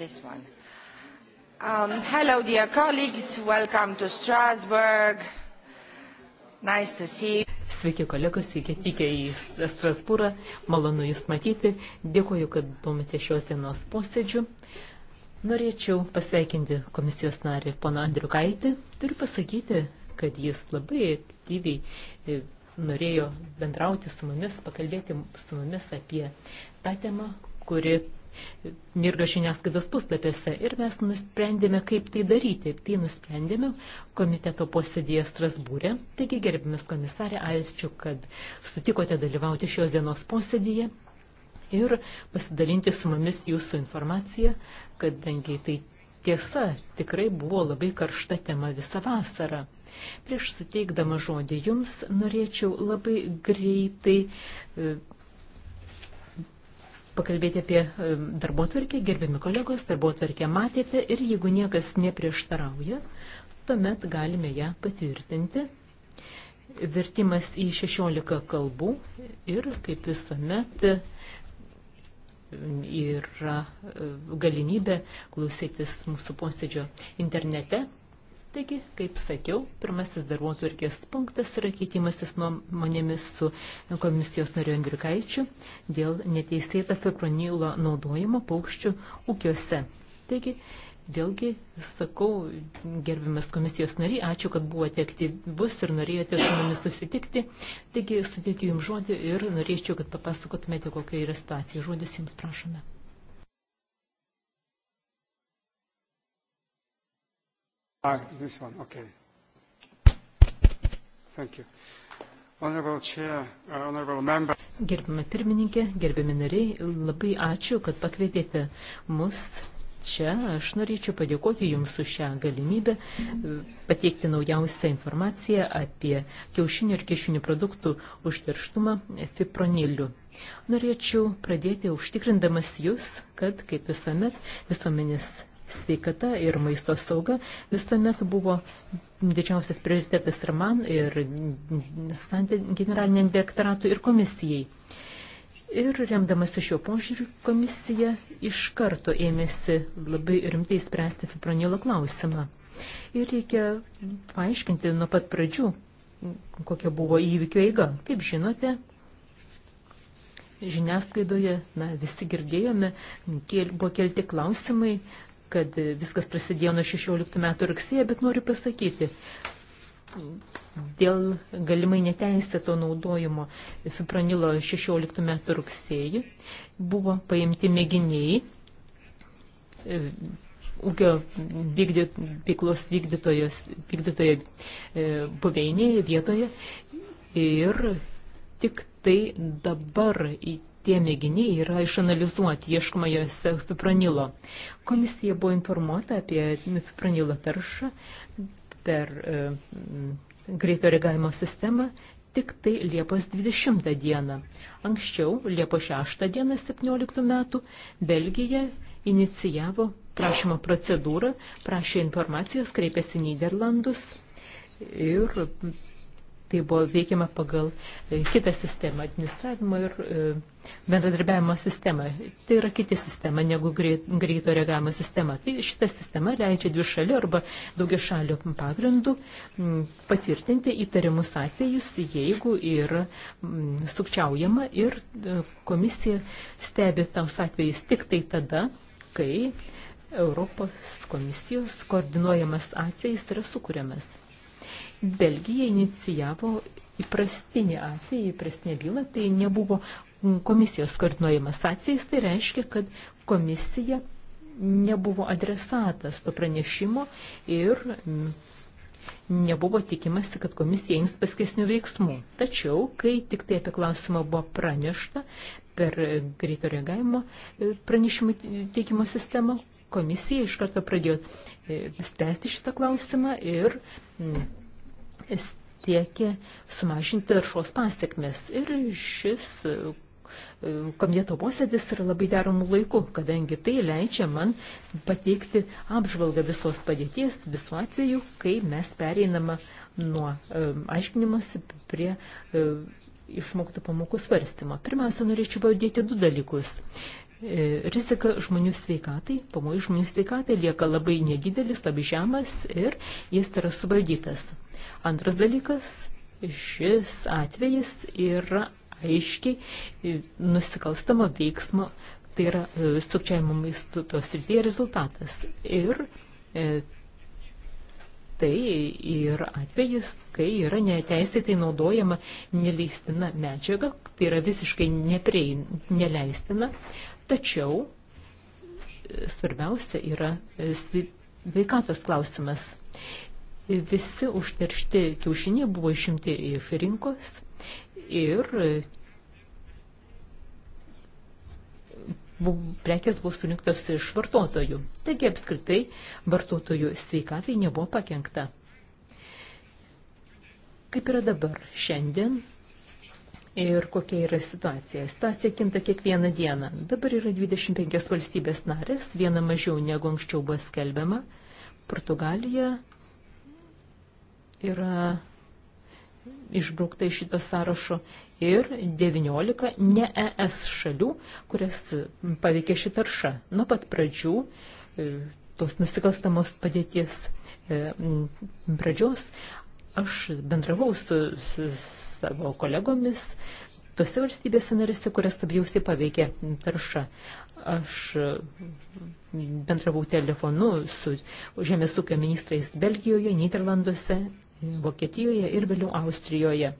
this one. Um, hello, dear colleagues. Welcome to Strasbourg. Nice to see you. Sveiki kolegos, sveiki atvykę į Strasbūrą, malonu Jūs matyti, dėkuoju, kad domite šios dienos posėdžių. Norėčiau pasveikinti komisijos narį poną Andriu Kaitį. Turiu pasakyti, kad jis labai aktyviai e, norėjo bendrauti su mumis, pakalbėti su mumis apie tą temą, kuri mirga žiniasklaidos puslapiuose. Ir mes nusprendėme, kaip tai daryti. Tai nusprendėme komiteto posėdėje Strasbūrė. Taigi, gerbimis komisarė, ačiū, kad sutikote dalyvauti šios dienos posėdėje ir pasidalinti su mumis jūsų informaciją, kadangi tai tiesa tikrai buvo labai karšta tema visą vasarą. Prieš suteikdama žodį jums norėčiau labai greitai e, pakalbėti apie darbo tvarkę, gerbiami kolegos, darbo tvarkę matėte ir jeigu niekas neprieštarauja, tuomet galime ją patvirtinti. Vertimas į 16 kalbų ir kaip visuomet yra galimybė klausytis mūsų posėdžio internete. Taigi, kaip sakiau, pirmasis darbuotvarkės punktas yra keitimasis nuomonėmis su komisijos nariu Andriukaičiu dėl neteisėto fipronilo naudojimo paukščių ūkiuose. Taigi, Dėlgi, sakau, gerbiamas komisijos nariai, ačiū, kad buvote aktyvus ir norėjote su mumis susitikti. Taigi, suteikiu Jums žodį ir norėčiau, kad papasakotumėte, kokia yra situacija. Žodis Jums prašome. Ah, this one, okay. Thank you. Honorable Chair, uh, honorable member. Gerbiama pirmininkė, gerbiami nariai, labai ačiū, kad pakvietėte mus čia. Aš norėčiau padėkoti Jums už šią galimybę e, pateikti naujausią informaciją apie kiaušinių ir kiaušinių produktų užterštumą fiproniliu. Norėčiau pradėti užtikrindamas Jūs, kad, kaip visuomet, visuomenės sveikata ir maisto sauga visuomet buvo didžiausias prioritetas ir man, ir generaliniam direktoratui, ir komisijai. Ir remdamas šiuo požiūriu, komisija iš karto ėmėsi labai rimtai spręsti fipronilo klausimą. Ir reikia paaiškinti nuo pat pradžių, kokia buvo įvykio eiga. Kaip žinote, žiniasklaidoje, na, visi girdėjome, kėl, buvo kelti klausimai kad viskas prasidėjo nuo 16 metų rugsėje, bet noriu pasakyti, dėl galimai neteisėto naudojimo fipronilo 16 metų rugsėjį buvo paimti mėginiai e, ūkio vykdyt, veiklos vykdytoje buveinėje vietoje ir tik tai dabar tie mėginiai yra išanalizuoti, ieškoma juose fipronilo. Komisija buvo informuota apie fipronilo taršą per e, greito reagavimo sistemą tik tai Liepos 20 dieną. Anksčiau, Liepos 6 dieną 17 metų, Belgija inicijavo prašymo procedūrą, prašė informacijos, kreipėsi Niderlandus ir tai buvo veikiama pagal e, kitą sistemą, administravimo ir e, bendradarbiavimo sistemą. Tai yra kita sistema negu greito reagavimo sistema. Tai šita sistema leidžia dvi šalių arba daugia šalių pagrindų patvirtinti įtariamus atvejus, jeigu yra sukčiaujama ir e, komisija stebi taus atvejus tik tai tada, kai Europos komisijos koordinuojamas atvejis yra sukūriamas. Belgija inicijavo įprastinį atvejį, įprastinę bylą, tai nebuvo komisijos koordinuojamas atvejis, tai reiškia, kad komisija nebuvo adresatas to pranešimo ir mm, nebuvo tikimasi, kad komisija ims paskesnių veiksmų. Tačiau, kai tik tai apie klausimą buvo pranešta per greito reagavimo e, pranešimų teikimo sistemą, komisija iš karto pradėjo e, spręsti šitą klausimą ir mm, siekia sumažinti taršos pasiekmes. Ir šis e, komiteto posėdis yra labai deramų laikų, kadangi tai leidžia man pateikti apžvalgą visos padėties, visų atveju, kai mes pereinama nuo e, aiškinimuose prie e, išmoktų pamokų svarstymo. Pirmiausia, norėčiau pavadėti du dalykus. E, E, rizika žmonių sveikatai, pamojų žmonių sveikatai lieka labai nedidelis, labai žemas ir jis yra suvaldytas. Antras dalykas, šis atvejis yra aiškiai e, nusikalstamo veiksmo, tai yra e, sukčiavimo maistu tos srityje rezultatas. Ir e, tai yra atvejis, kai yra neteisėtai naudojama neleistina medžiaga, tai yra visiškai neprein, neleistina. Tačiau e, svarbiausia yra e, sveikatos klausimas. Visi užteršti kiaušiniai buvo išimti iš rinkos ir e, prekės buvo surinktos iš vartotojų. Taigi apskritai vartotojų sveikatai nebuvo pakengta. Kaip yra dabar? Šiandien ir kokia yra situacija. Situacija kinta kiekvieną dieną. Dabar yra 25 valstybės narės, viena mažiau negu anksčiau buvo skelbiama. Portugalija yra išbraukta iš šito sąrašo ir 19 ne ES šalių, kurias paveikė ši tarša. Nuo pat pradžių e, tos nusikalstamos padėties e, pradžios Aš bendravau su, su savo kolegomis tose valstybėse narėse, kurias labiausiai paveikė tarša. Aš bendravau telefonu su žemės ūkio ministrais Belgijoje, Niderlanduose, Vokietijoje ir vėliau Austrijoje.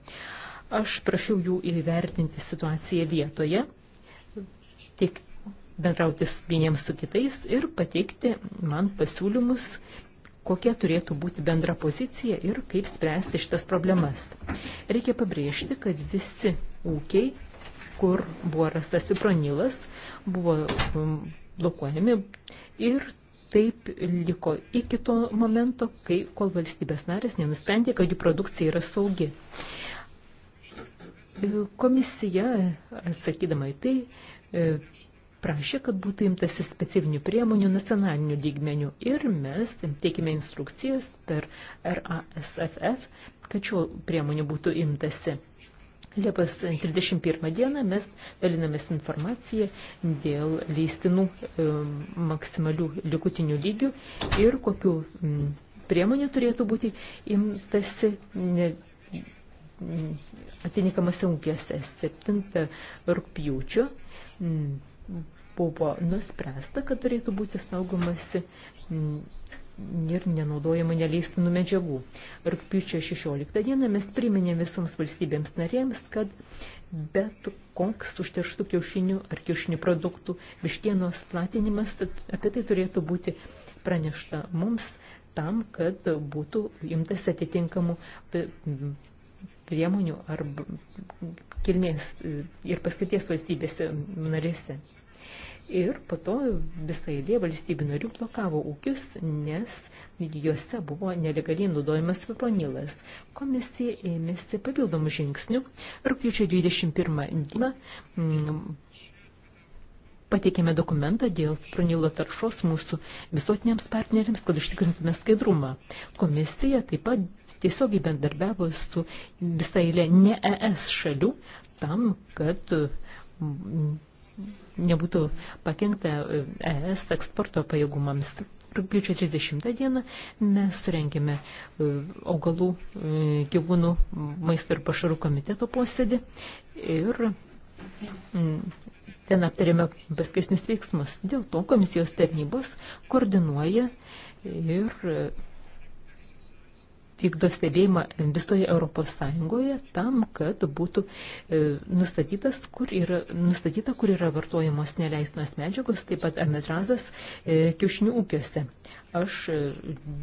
Aš prašiau jų įvertinti situaciją vietoje, tiek bendrauti vieniems su kitais ir pateikti man pasiūlymus kokia turėtų būti bendra pozicija ir kaip spręsti šitas problemas. Reikia pabrėžti, kad visi ūkiai, kur buvo rastas cipronilas, buvo um, blokuojami ir taip liko iki to momento, kai, kol valstybės narės nenusprendė, kad jų produkcija yra saugi. Komisija, atsakydama į tai, e, prašė, kad būtų imtasi specifinių priemonių nacionalinių lygmenių ir mes teikime instrukcijas per RASFF, kad šio priemonių būtų imtasi. Liepos 31 dieną mes dalinamės informaciją dėl leistinų e, maksimalių likutinių lygių ir kokiu m, priemonė turėtų būti imtasi ne, atitinkamose ūkėse 7 rūpjūčio. M, buvo nuspręsta, kad turėtų būti saugomasi ir nenaudojama neleistinų medžiagų. Rūpiučio 16 dieną mes priminėm visoms valstybėms narėms, kad bet koks užterštų kiaušinių ar kiaušinių produktų vištienos platinimas, apie tai turėtų būti pranešta mums tam, kad būtų imtas atitinkamų priemonių ar kilmės e, ir paskirties valstybėse narėse. Ir po to visą eilė valstybių narių blokavo ūkius, nes juose buvo nelegaliai naudojamas fiponilas. Komisija ėmėsi papildomų žingsnių. Rūpiučio 21 dieną mm, pateikėme dokumentą dėl fipronilo taršos mūsų visuotiniams partneriams, kad užtikrintume skaidrumą. Komisija taip pat tiesiogiai bendarbiavo su visai eilė ne ES šalių tam, kad mm, nebūtų pakengta ES e eksporto pajėgumams. Rūpiučio 30 dieną mes surengėme e, augalų e, gyvūnų maisto ir pašarų komiteto posėdį ir mm, ten aptarėme paskesnius veiksmus. Dėl to komisijos tarnybos koordinuoja ir vykdo stebėjimą visoje Europos Sąjungoje tam, kad būtų e, nustatytas, kur yra, nustatyta, kur yra vartojamos neleistinos medžiagos, taip pat ametrazas e, kiaušinių ūkiuose. Aš e,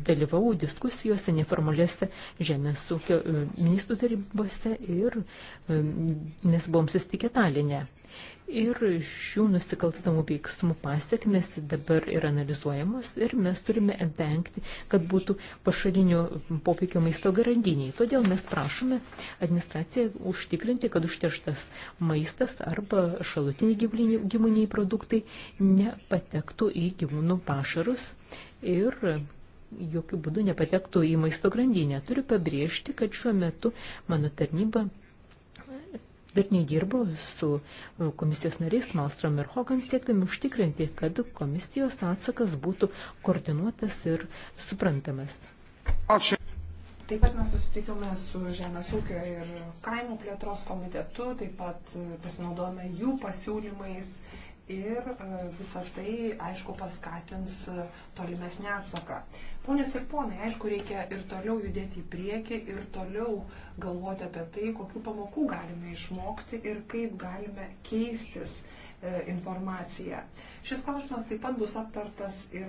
dalyvau diskusijose neformaliuose žemės ūkio ministrų tarybose ir mes buvom susitikę Talinę. Ir šių nusikalstamų veiksmų pasiekmes dabar yra analizuojamos ir mes turime vengti, kad būtų pašalinio poveikio maisto garantiniai. Todėl mes prašome administraciją užtikrinti, kad užterštas maistas arba šalutiniai gyvūniniai produktai nepatektų į gyvūnų pašarus ir jokių būdų nepatektų į maisto grandinę. Turiu pabrėžti, kad šiuo metu mano tarnyba darniai dirbo su e, komisijos nariais Malstrom ir Hogan siekdami užtikrinti, kad komisijos atsakas būtų koordinuotas ir suprantamas. Ačiū. Taip pat mes susitikome su Žemės ūkio ir kaimų plėtros komitetu, taip pat pasinaudojame jų pasiūlymais ir e, visą tai, aišku, paskatins e, tolimesnį atsaką. Ponios ir ponai, aišku, reikia ir toliau judėti į priekį, ir toliau galvoti apie tai, kokiu pamokų galime išmokti ir kaip galime keistis e, informaciją. Šis klausimas taip pat bus aptartas ir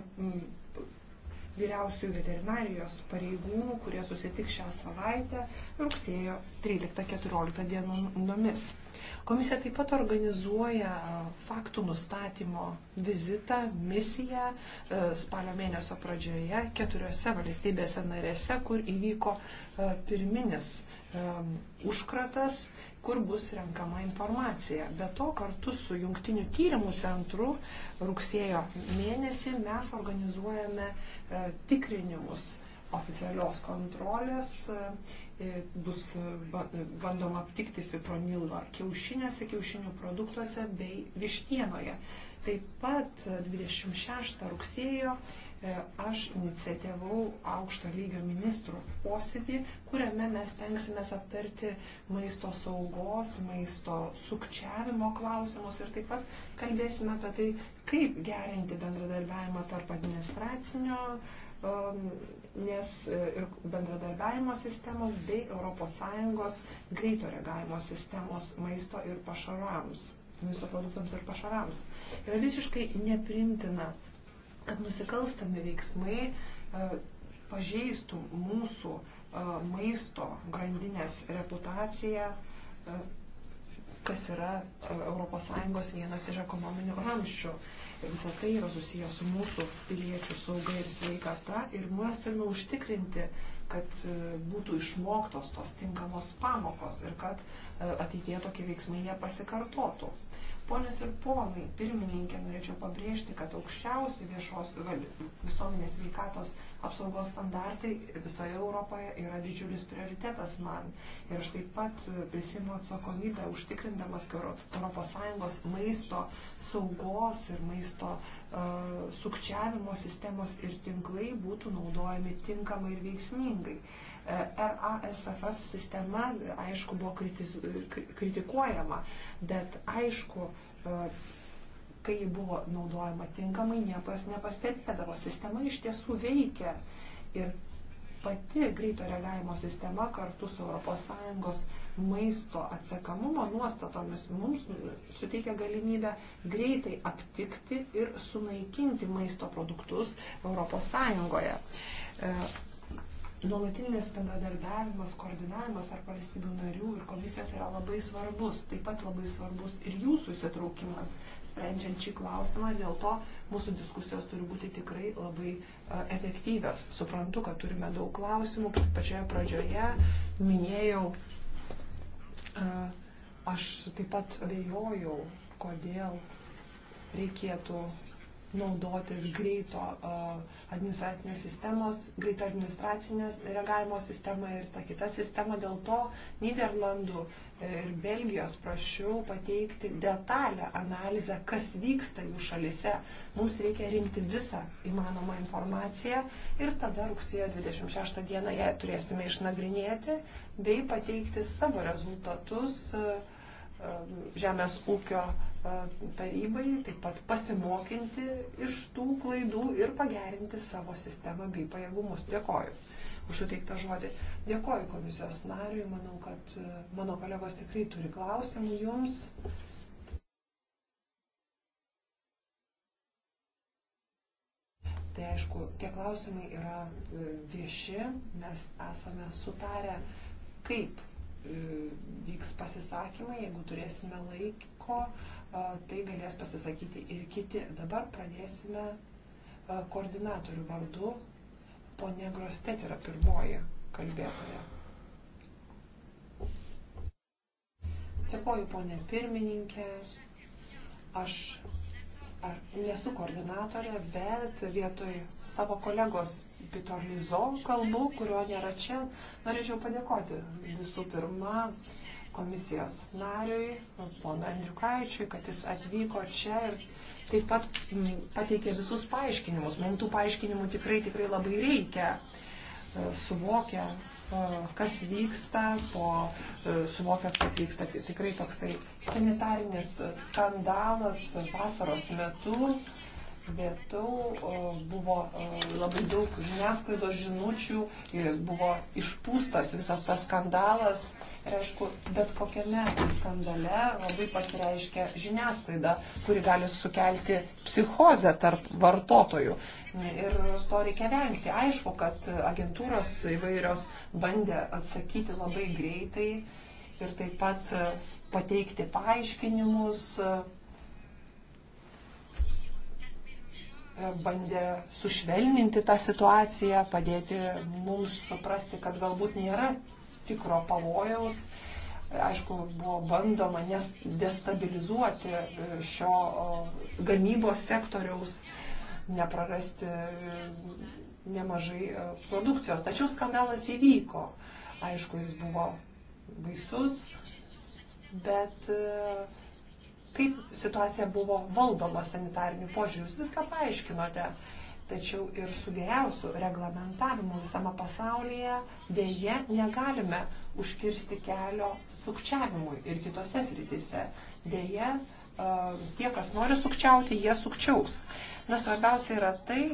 vyriausių veterinarijos pareigūnų, kurie susitik šią savaitę rugsėjo 13-14 dienomis. Komisija taip pat organizuoja faktų nustatymo vizitą, misiją e, spalio mėnesio pradžioje keturiose valstybėse narėse, kur įvyko e, pirminis um, užkratas, kur bus renkama informacija. Be to, kartu su jungtiniu tyrimų centru rugsėjo mėnesį mes organizuojame uh, tikrinimus oficialios kontrolės. Uh, bus uh, bandoma aptikti fipronilo kiaušiniuose, kiaušinių produktuose bei vištienoje. Taip pat 26 uh, rugsėjo E, aš iniciatyvau aukšto lygio ministrų posėdį, kuriame mes tenksimės aptarti maisto saugos, maisto sukčiavimo klausimus ir taip pat kalbėsime apie tai, kaip gerinti bendradarbiavimą tarp administracinio e, nes e, ir bendradarbiavimo sistemos bei ES greito reagavimo sistemos maisto ir pašarams, maisto produktams ir pašarams. Yra visiškai neprimtina uh, kad nusikalstami veiksmai e, pažeistų mūsų e, maisto grandinės reputaciją, e, kas yra ES vienas iš ekonominių ramščių. Ir visą tai yra susijęs su mūsų piliečių sauga ir sveikata. Ir mes turime užtikrinti, kad būtų išmoktos tos tinkamos pamokos ir kad ateitie tokie veiksmai nepasikartotų. pasikartotų. Ponios ir ponai, pirmininkė, norėčiau pabrėžti, kad aukščiausi viešos visuomenės sveikatos apsaugos standartai visoje Europoje yra didžiulis prioritetas man. Ir aš taip pat prisimu atsakomybę užtikrindamas ES maisto saugos ir maisto uh, sukčiavimo sistemos ir tinklai būtų naudojami tinkamai ir veiksmingai. Uh, RASFF sistema, aišku, buvo kritizu, kritikuojama, bet aišku, e, kai ji buvo naudojama tinkamai, niekas nepastebėdavo. Sistema iš tiesų veikia. Ir pati greito reagavimo sistema kartu su ES maisto atsekamumo nuostatomis mums suteikia galimybę greitai aptikti ir sunaikinti maisto produktus ES nuolatinis bendradarbiavimas, koordinavimas tarp valstybių narių ir komisijos yra labai svarbus. Taip pat labai svarbus ir jūsų įsitraukimas sprendžiant šį klausimą. Dėl to mūsų diskusijos turi būti tikrai labai uh, efektyvios. Suprantu, kad turime daug klausimų. Pačioje pradžioje minėjau, uh, aš taip pat vėjojau, kodėl reikėtų naudotis greito administracinės sistemos, greito administracinės reagavimo sistema ir ta kita sistema. Dėl to Niderlandų ir Belgijos prašiau pateikti detalę analizę, kas vyksta jų šalise. Mums reikia rinkti visą įmanomą informaciją ir tada rugsėjo 26 dieną ją turėsime išnagrinėti bei pateikti savo rezultatus Žemės ūkio E, tarybai, taip pat pasimokinti iš tų klaidų ir pagerinti savo sistemą bei pajėgumus. Dėkoju už suteiktą žodį. Dėkoju komisijos nariui, manau, kad e, mano kolegos tikrai turi klausimų jums. Tai aišku, tie klausimai yra e, vieši, mes esame sutarę, kaip vyks pasisakymai, jeigu turėsime laiko, tai galės pasisakyti ir kiti. Dabar pradėsime koordinatorių vardu. Pone Grostet yra pirmoji kalbėtoja. Dėkoju, ponė pirmininkė. Aš ar, nesu koordinatorė, bet vietoj savo kolegos Pitor Lizo kalbų, kurio nėra čia, norėčiau padėkoti visų pirma uh, komisijos nariui, ponui Andriukaičiui, kad jis atvyko čia ir taip pat pateikė visus paaiškinimus. Mums tų paaiškinimų tikrai, tikrai labai reikia. E, suvokia, e, kas vyksta, po e, suvokia, kad vyksta tikrai toksai sanitarinis skandalas vasaros metu. Vėtau buvo labai daug žiniasklaidos žinučių, buvo išpūstas visas tas skandalas Ir aišku, bet kokiame skandale labai pasireiškia žiniasklaida, kuri gali sukelti psichozę tarp vartotojų. Ir to reikia vengti. Aišku, kad agentūros įvairios bandė atsakyti labai greitai ir taip pat pateikti paaiškinimus, bandė sušvelninti tą situaciją, padėti mums suprasti, kad galbūt nėra tikro pavojaus. Aišku, buvo bandoma destabilizuoti e, šio gamybos sektoriaus, neprarasti e, nemažai e, produkcijos. Tačiau skandalas įvyko. Aišku, jis buvo baisus, bet kaip situacija buvo valdoma sanitariniu požiūriu, jūs viską paaiškinote tačiau ir su geriausiu reglamentavimu visame pasaulyje dėje negalime užkirsti kelio sukčiavimui ir kitose sritise. Dėje e, tie, kas nori sukčiauti, jie sukčiaus. Na, svarbiausia yra tai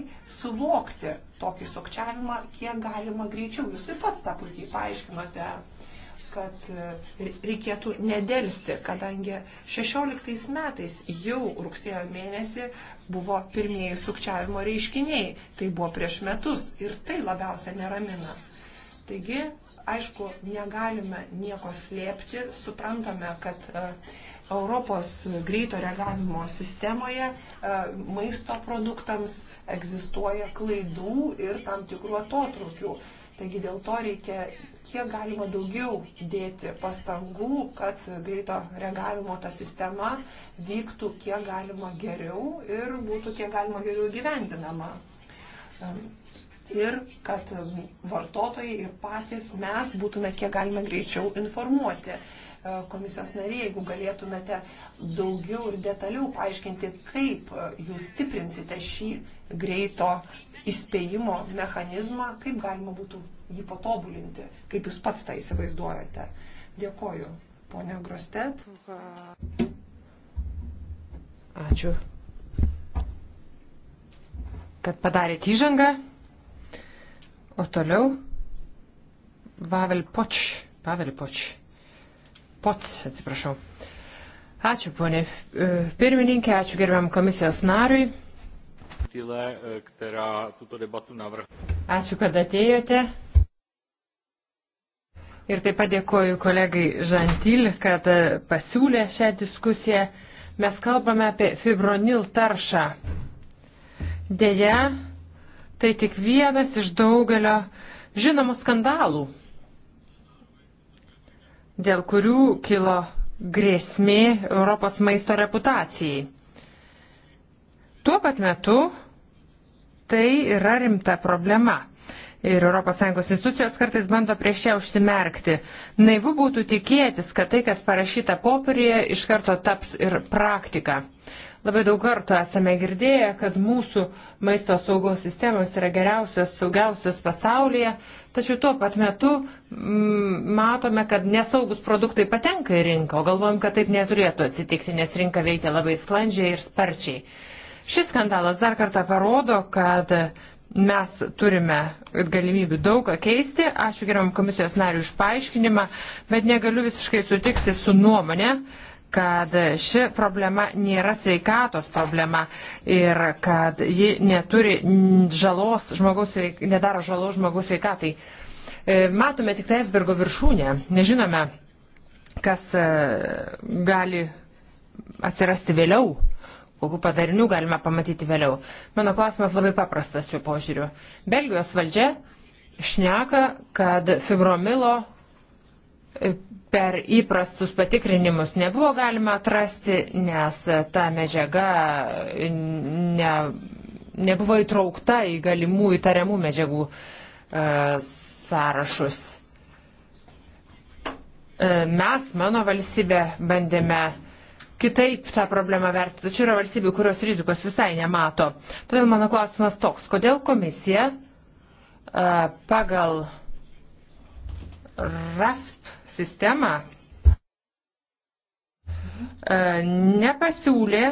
suvokti tokį sukčiavimą, kiek galima greičiau. Jūs taip pat tą puikiai paaiškinote kad e, reikėtų nedelsti, kadangi 16 metais jau rugsėjo mėnesį buvo pirmieji sukčiavimo reiškiniai, tai buvo prieš metus ir tai labiausia neramina. Taigi, aišku, negalime nieko slėpti, suprantame, kad e, Europos greito reagavimo sistemoje e, maisto produktams egzistuoja klaidų ir tam tikrų atotrukių. Taigi dėl to reikia kiek galima daugiau dėti pastangų, kad greito reagavimo ta sistema vyktų kiek galima geriau ir būtų kiek galima geriau gyvendinama. Ir kad vartotojai ir patys mes būtume kiek galima greičiau informuoti e, komisijos nariai, jeigu galėtumėte daugiau ir detaliau paaiškinti, kaip e, jūs stiprinsite šį greito įspėjimo mechanizmą, kaip galima būtų jį patobulinti, kaip jūs pats tą įsivaizduojate. Dėkoju, ponia Grostet. Ačiū, kad padarėt įžangą. O toliau Vavel Poč, Pavel Poč, Pots, atsiprašau. Ačiū, ponė e, pirmininkė, ačiū gerbiam komisijos nariui. Gentile, e, která tuto debatu navrhla. Ačiū, kad atėjote. Ir taip pat dėkoju kolegai Žantil, kad e, pasiūlė šią diskusiją. Mes kalbame apie fibronil taršą. Deja, tai tik vienas iš daugelio žinomų skandalų, dėl kurių kilo grėsmė Europos maisto reputacijai. Tuo pat metu Tai yra rimta problema. Ir ES institucijos kartais bando prieš ją užsimerkti. Naivu būtų tikėtis, kad tai, kas parašyta popierėje, iš karto taps ir praktika. Labai daug kartų esame girdėję, kad mūsų maisto saugos sistemos yra geriausios, saugiausios pasaulyje, tačiau tuo pat metu mm, matome, kad nesaugus produktai patenka į rinką, o galvojam, kad taip neturėtų atsitikti, nes rinka veikia labai sklandžiai ir sparčiai. Šis skandalas dar kartą parodo, kad mes turime galimybių daug ką keisti. Ačiū geriam komisijos nariu už paaiškinimą, bet negaliu visiškai sutikti su nuomonė, kad ši problema nėra sveikatos problema ir kad ji neturi žalos žmogaus, nedaro žalos žmogaus sveikatai. E, matome tik Esbergo viršūnę, nežinome, kas e, gali atsirasti vėliau kokiu padariniu galime pamatyti vėliau. Mano klausimas labai paprastas šiuo požiūriu. Belgijos valdžia šneka, kad fibromilo e, per įprastus patikrinimus nebuvo galima atrasti, nes ta medžiaga e, ne, nebuvo įtraukta į galimų įtariamų medžiagų uh, sąrašus. Mes, mano valstybė, bandėme kitaip tą problemą vertina. Tačiau yra valstybių, kurios rizikos visai nemato. Todėl mano klausimas toks, kodėl komisija pagal RASP sistemą nepasiūlė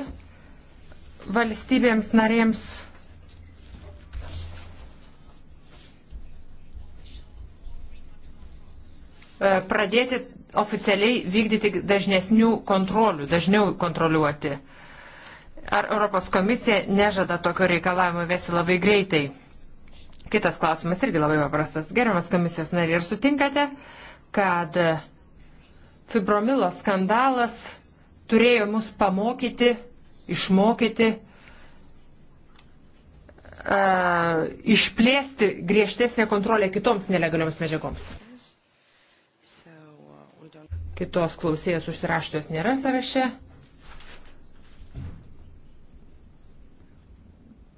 valstybėms narėms pradėti oficialiai vykdyti dažnesnių kontrolių, dažniau kontroliuoti. Ar Europos komisija nežada tokio reikalavimo vesti labai greitai? Kitas klausimas irgi labai paprastas. Gerbiamas komisijos nariai, ar sutinkate, kad fibromilo skandalas turėjo mus pamokyti, išmokyti, uh, išplėsti griežtesnę kontrolę kitoms nelegalioms medžiagoms? Kitos klausėjos užsiraštos nėra sąraše.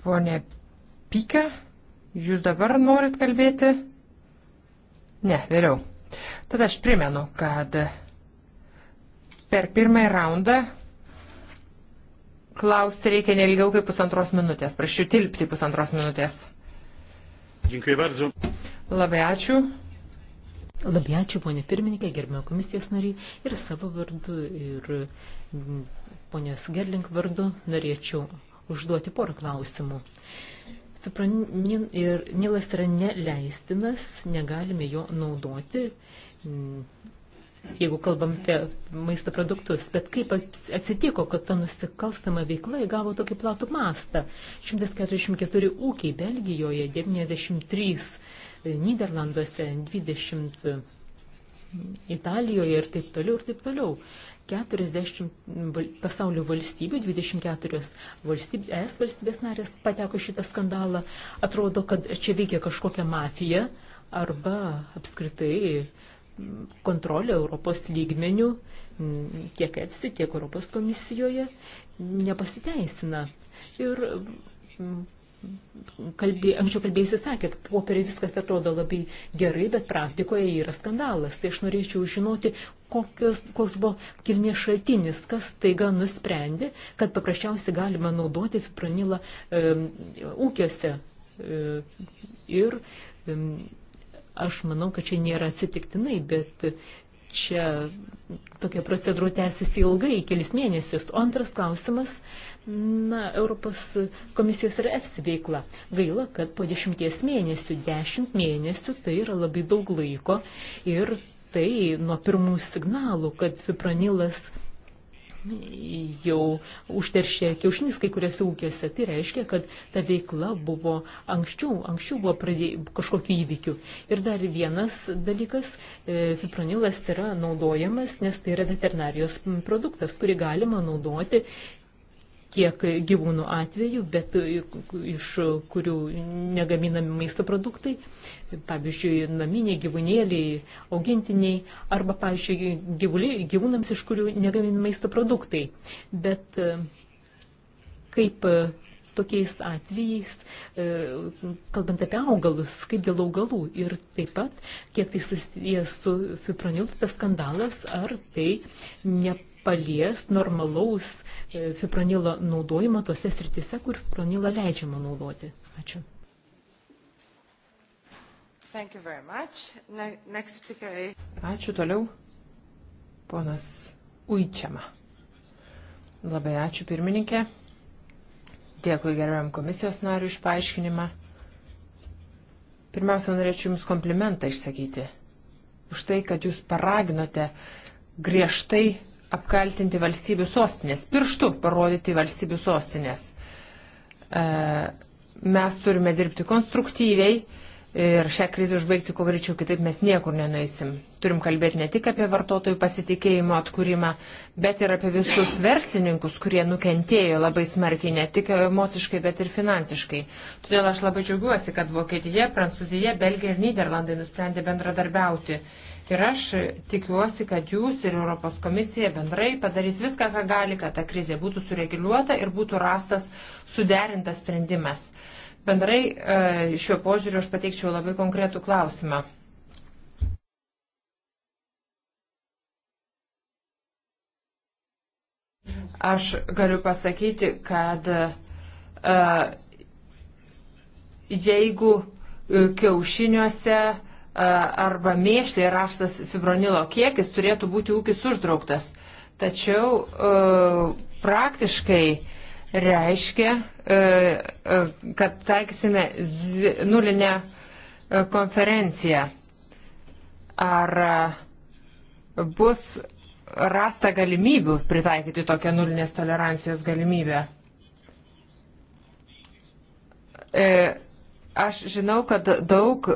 Pone Pykė, jūs dabar norit kalbėti? Ne, vėliau. Tada aš primenu, kad per pirmąjį raundą klausti reikia nelgiau kaip pusantros minutės. Prašau tilpti pusantros minutės. Dziękuję bardzo. Labai ačiū. Labai ačiū, ponė pirmininkė, gerbėjo komisijos nariai ir savo vardu ir ponės Gerling vardu norėčiau užduoti porą klausimų. Cipranin ir Nilas yra neleistinas, negalime jo naudoti, jeigu kalbam apie maisto produktus, bet kaip atsitiko, kad ta nusikalstama veikla įgavo tokį platų mastą. 144 ūkiai Belgijoje, 93 Niderlanduose, 20 Italijoje ir taip toliau ir taip toliau. 40 pasaulio valstybių, 24 valstybės, es valstybės narės pateko šitą skandalą. Atrodo, kad čia veikia kažkokia mafija arba apskritai mm, kontrolė Europos lygmenių, mm, tiek ETSI, tiek Europos komisijoje, nepasiteisina. Ir mm, kalbė, anksčiau kalbėjusi sakė, kad popieriai viskas atrodo labai gerai, bet praktikoje yra skandalas. Tai aš norėčiau žinoti, kokios, koks buvo kilmės šaltinis, kas taiga nusprendė, kad paprasčiausiai galima naudoti fipronilą e, ūkiuose. E, ir e, aš manau, kad čia nėra atsitiktinai, bet čia tokia procedūra tęsiasi ilgai, kelis mėnesius. O antras klausimas, na, Europos komisijos ir EFSI veikla. Gaila, kad po dešimties mėnesių, dešimt mėnesių tai yra labai daug laiko ir tai nuo pirmų signalų, kad fipronilas jau užteršė kiaušinis kai kuriuose ūkiuose. Tai reiškia, kad ta veikla buvo anksčiau, anksčiau buvo pradė, kažkokiu įvykiu. Ir dar vienas dalykas, e, fipronilas yra naudojamas, nes tai yra veterinarijos produktas, kurį galima naudoti tiek gyvūnų atveju, bet iš kurių negaminami maisto produktai, pavyzdžiui, naminiai gyvūnėliai, augintiniai arba, pavyzdžiui, gyvuliai, gyvūnams, iš kurių negamina maisto produktai. Bet e, kaip e, tokiais atvejais, e, kalbant apie augalus, kaip dėl augalų ir taip pat, kiek tai susijęs su fiproniltas skandalas, ar tai nepalies normalaus fipronilo naudojimo tose sritise, kur fipronilą leidžiama naudoti. Ačiū. Thank you very much. Ne next speaker. Ačiū toliau. Ponas Uičiama. Labai ačiū pirmininkė. Dėkui gerbiam komisijos nariu iš paaiškinimą. Pirmiausia, norėčiau Jums komplimentą išsakyti. Už tai, kad Jūs paraginote griežtai apkaltinti valstybių sostinės, pirštų parodyti valstybių sostinės. E, mes turime dirbti konstruktyviai ir šią krizę užbaigti kuo greičiau, kitaip mes niekur nenueisim. Turim kalbėti ne tik apie vartotojų pasitikėjimo atkūrimą, bet ir apie visus verslininkus, kurie nukentėjo labai smarkiai, ne tik emociškai, bet ir finansiškai. Todėl aš labai džiaugiuosi, kad Vokietija, Prancūzija, Belgija ir Niderlandai nusprendė bendradarbiauti. Ir aš tikiuosi, kad jūs ir Europos komisija bendrai padarys viską, ką gali, kad ta krizė būtų sureguliuota ir būtų rastas suderintas sprendimas. Uh, Bendrai e, šiuo požiūriu aš pateikčiau labai konkretų klausimą. Aš galiu pasakyti, kad e, jeigu e, kiaušiniuose arba mėšlė raštas fibronilo kiekis, turėtų būti ūkis uždrauktas. Tačiau praktiškai reiškia, E, e, kad taikysime nulinę e, konferenciją. Ar bus rasta galimybių pritaikyti tokią nulinės tolerancijos galimybę? Aš žinau, kad daug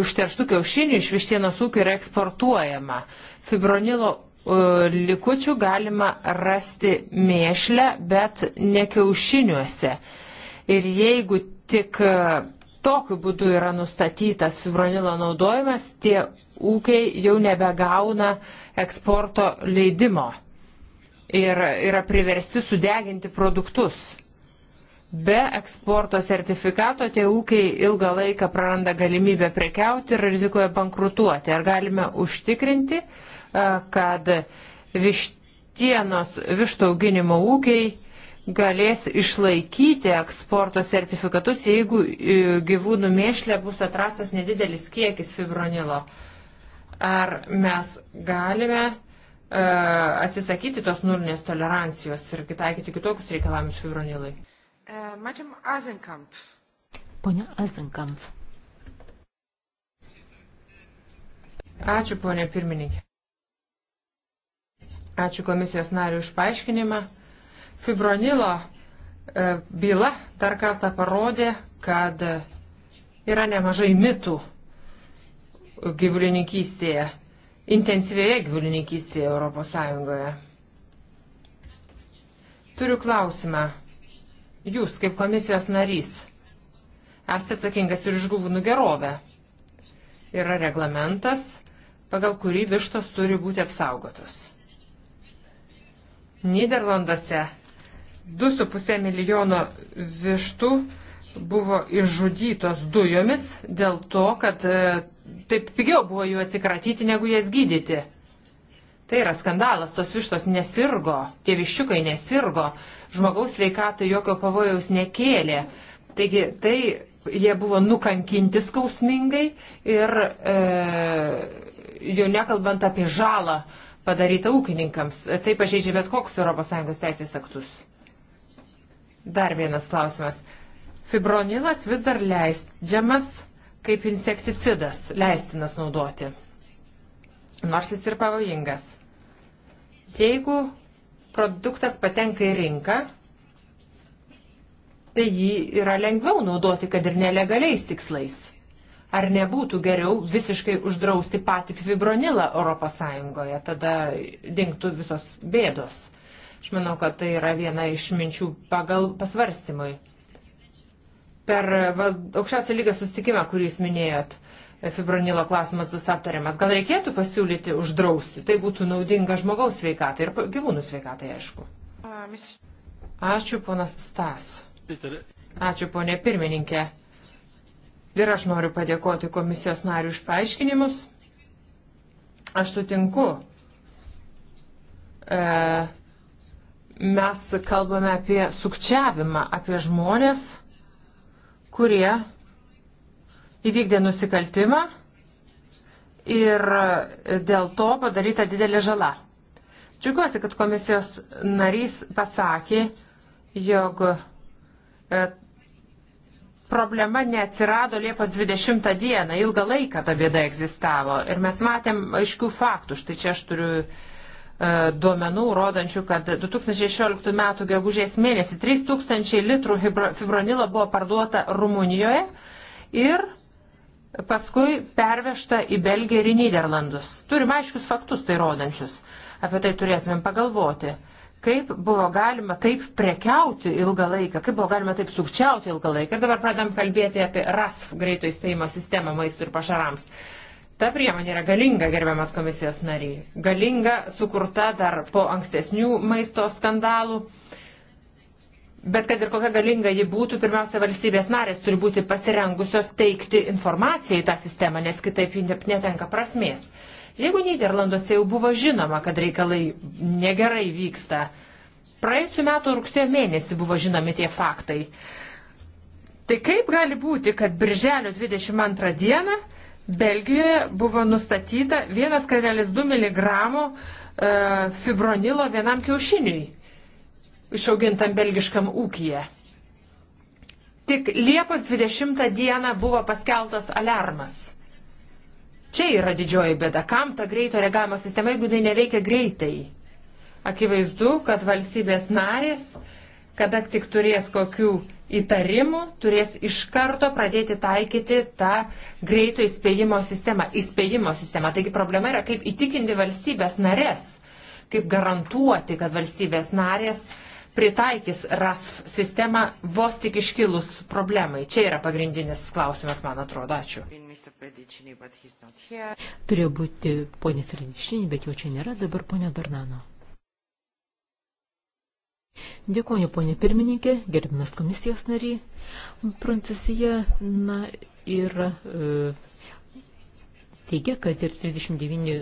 užterštų kiaušinių iš vištienos ūkio yra eksportuojama. Fibronilo E, likučių galima rasti mėšlę, bet ne kiaušiniuose. Ir jeigu tik e, tokiu būdu yra nustatytas fibronilo naudojimas, tie ūkiai jau nebegauna eksporto leidimo ir yra priversti sudeginti produktus. Be eksporto sertifikato tie ūkiai ilgą laiką praranda galimybę prekiauti ir rizikuoja bankrutuoti. Ar galime užtikrinti, E, kad vištienos, vištų auginimo ūkiai galės išlaikyti eksporto sertifikatus, jeigu e, gyvūnų mėšlė bus atrastas nedidelis kiekis fibronilo. Ar mes galime uh, atsisakyti tos nulinės tolerancijos ir taikyti kitokius reikalavimus fibronilai? Uh, Pone Azenkamp. Ačiū, ponė pirmininkė. Ačiū komisijos nariu už paaiškinimą. Fibronilo e, byla dar kartą parodė, kad yra nemažai mitų gyvulininkystėje, intensyvėje gyvulininkystėje Europos Sąjungoje. Turiu klausimą. Jūs, kaip komisijos narys, esate atsakingas ir už gyvūnų gerovę. Yra reglamentas, pagal kurį vištos turi būti apsaugotos. Niderlanduose 2,5 milijono vištų buvo išžudytos dujomis dėl to, kad e, taip pigiau buvo jų atsikratyti, negu jas gydyti. Tai yra skandalas, tos vištos nesirgo, tie viščiukai nesirgo, žmogaus veikatai jokio pavojaus nekėlė. Taigi tai jie buvo nukankinti skausmingai ir e, jau nekalbant apie žalą, e, padaryta ūkininkams. Tai pažeidžia bet koks ES teisės aktus. Dar vienas klausimas. Fibronilas vis dar leidžiamas kaip insekticidas, leistinas naudoti. Nors jis ir pavojingas. Jeigu produktas patenka į rinką, tai jį yra lengviau naudoti, kad ir nelegaliais tikslais. Ar nebūtų geriau visiškai uždrausti patį fibronilą ES, tada dinktų visos bėdos. Aš manau, kad tai yra viena iš minčių pagal pasvarstymui. Per aukščiausio lygio susitikimą, kurį jūs minėjot, fibronilo klausimas bus aptariamas. Gal reikėtų pasiūlyti uždrausti? Tai būtų naudinga žmogaus sveikatai ir gyvūnų sveikatai, aišku. Ačiū, ponas Stas. Ačiū, ponė pirmininkė. Ir aš noriu padėkoti komisijos narių už paaiškinimus. Aš sutinku. E, mes kalbame apie sukčiavimą, apie žmonės, kurie įvykdė nusikaltimą ir dėl to padaryta didelė žala. Džiugiuosi, kad komisijos narys pasakė, jog e, problema neatsirado Liepos 20 dieną, ilgą laiką ta bėda egzistavo ir mes matėm aiškių faktų, štai čia aš turiu e, duomenų rodančių, kad 2016 m. gegužės mėnesį 3000 litrų fibronilo buvo parduota Rumunijoje ir paskui pervežta į Belgiją ir į Niderlandus. Turim aiškius faktus tai rodančius. Apie tai turėtumėm pagalvoti. Kaip buvo galima taip prekiauti ilgą laiką, kaip buvo galima taip sukčiauti ilgą laiką. Ir dabar pradam kalbėti apie RASF greito įspėjimo sistemą maistui ir pašarams. Ta priemonė yra galinga, gerbiamas komisijos nariai. Galinga, sukurta dar po ankstesnių maisto skandalų. Bet kad ir kokia galinga ji būtų, pirmiausia, valstybės narės turi būti pasirengusios teikti informaciją į tą sistemą, nes kitaip ji netenka prasmės. Jeigu Niderlanduose jau buvo žinoma, kad reikalai negerai vyksta, praėjusiu metu rugsėjo mėnesį buvo žinomi tie faktai. Tai kaip gali būti, kad birželio 22 dieną Belgijoje buvo nustatyta 1,2 mg e, fibronilo vienam kiaušiniui išaugintam belgiškam ūkiją. Tik Liepos 20 dieną buvo paskeltas alarmas. Čia yra didžioji bėda. Kam ta greito reagavimo sistema, jeigu jinai neveikia greitai? Akivaizdu, kad valstybės narės, kada tik turės kokių įtarimų, turės iš karto pradėti taikyti tą greito įspėjimo sistemą. Įspėjimo sistemą. Taigi problema yra, kaip įtikinti valstybės narės, kaip garantuoti, kad valstybės narės pritaikys RASF sistemą vos tik iškilus problemai. Čia yra pagrindinis klausimas, man atrodo. Ačiū. Turėjo būti ponė Ferdinčinė, bet jau čia nėra, dabar ponė Dornano. Dėkuoju, ponė pirmininkė, gerbimas komisijos nariai. Prancūzija, na, yra e, teigia, kad ir 39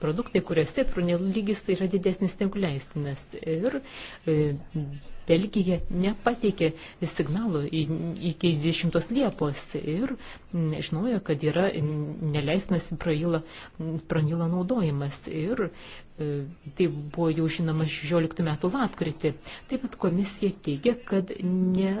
produktai, kuriuose prunelų lygis tai yra didesnis negu leistinas. Ir e, Belgija nepateikė signalų iki 20 Liepos ir žinojo, kad yra neleistinas pranilo naudojimas. Ir e, tai buvo jau žinoma 16 metų lapkritį. Taip pat komisija teigia, kad ne,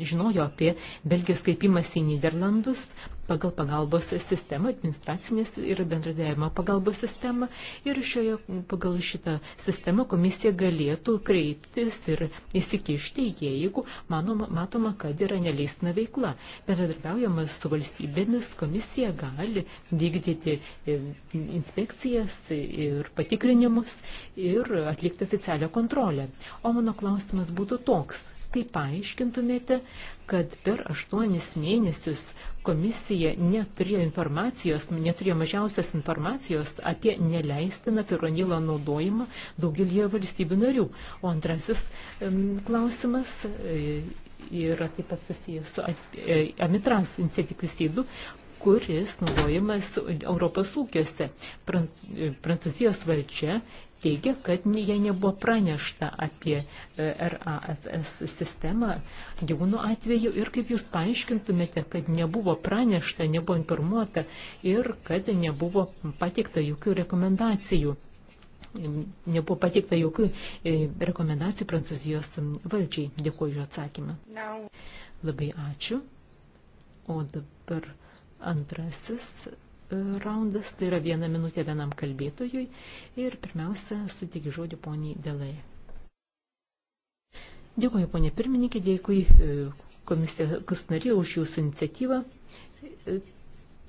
žinojo apie Belgijos kreipimas į Niderlandus pagal pagalbos sistemą, administracinės ir bendradėjimo pagalbos sistemą. Ir šioje, pagal šitą sistemą komisija galėtų kreiptis ir įsikišti, jeigu manoma, matoma, kad yra neleistina veikla. Bendradarbiaujama su valstybėmis komisija gali vykdyti e, inspekcijas ir patikrinimus ir atlikti oficialią kontrolę. O mano klausimas būtų toks kaip paaiškintumėte, kad per aštuonis mėnesius komisija neturėjo informacijos, neturėjo mažiausias informacijos apie neleistiną pironilo naudojimą daugelie valstybių narių. O antrasis klausimas e, yra taip pat susijęs su e, amitrans insekticidų kuris naudojamas Europos ūkiuose. Prancūzijos valdžia teigia, kad jie nebuvo pranešta apie e, RAFS sistemą gyvūnų atveju ir kaip jūs paaiškintumėte, kad nebuvo pranešta, nebuvo informuota ir kad nebuvo pateikta jokių rekomendacijų. Nebuvo pateikta jokių e, rekomendacijų prancūzijos valdžiai. Dėkuoju atsakymą. Labai ačiū. O dabar antrasis raundas, tai yra viena minutė vienam kalbėtojui ir pirmiausia suteikiu žodį poniai Delai. Dėkuoju, ponė pirmininkė, dėkui e, komisijos narė už jūsų iniciatyvą. E,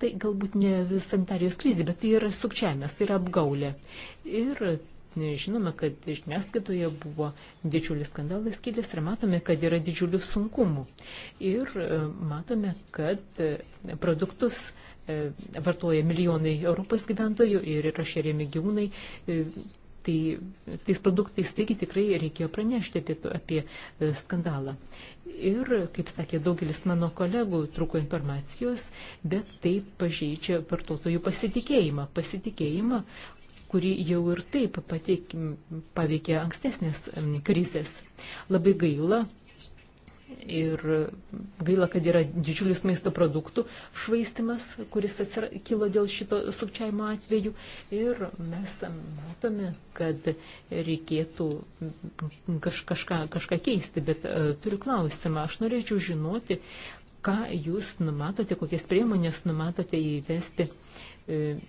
tai galbūt ne sanitarijos krizė, bet tai yra sukčiavimas, tai yra apgaulė. Ir e, žinome, kad žiniasklaidoje buvo didžiulis skandalas kilęs ir matome, kad yra didžiulių sunkumų. Ir matome, kad produktus E, vartoja milijonai Europos gyventojų ir yra šeriami gyvūnai. E, tai tais produktais taigi tikrai reikėjo pranešti apie, apie e, skandalą. Ir, kaip sakė daugelis mano kolegų, trūko informacijos, bet tai pažeidžia vartotojų pasitikėjimą. Pasitikėjimą, kuri jau ir taip pateik, paveikė ankstesnės krizės. Labai gaila, Ir gaila, kad yra didžiulis maisto produktų švaistimas, kuris atsira, kilo dėl šito sukčiavimo atveju. Ir mes matome, kad reikėtų kaž, kažką, kažką keisti. Bet uh, turiu klausimą. Aš norėčiau žinoti, ką jūs numatote, kokias priemonės numatote įvesti uh,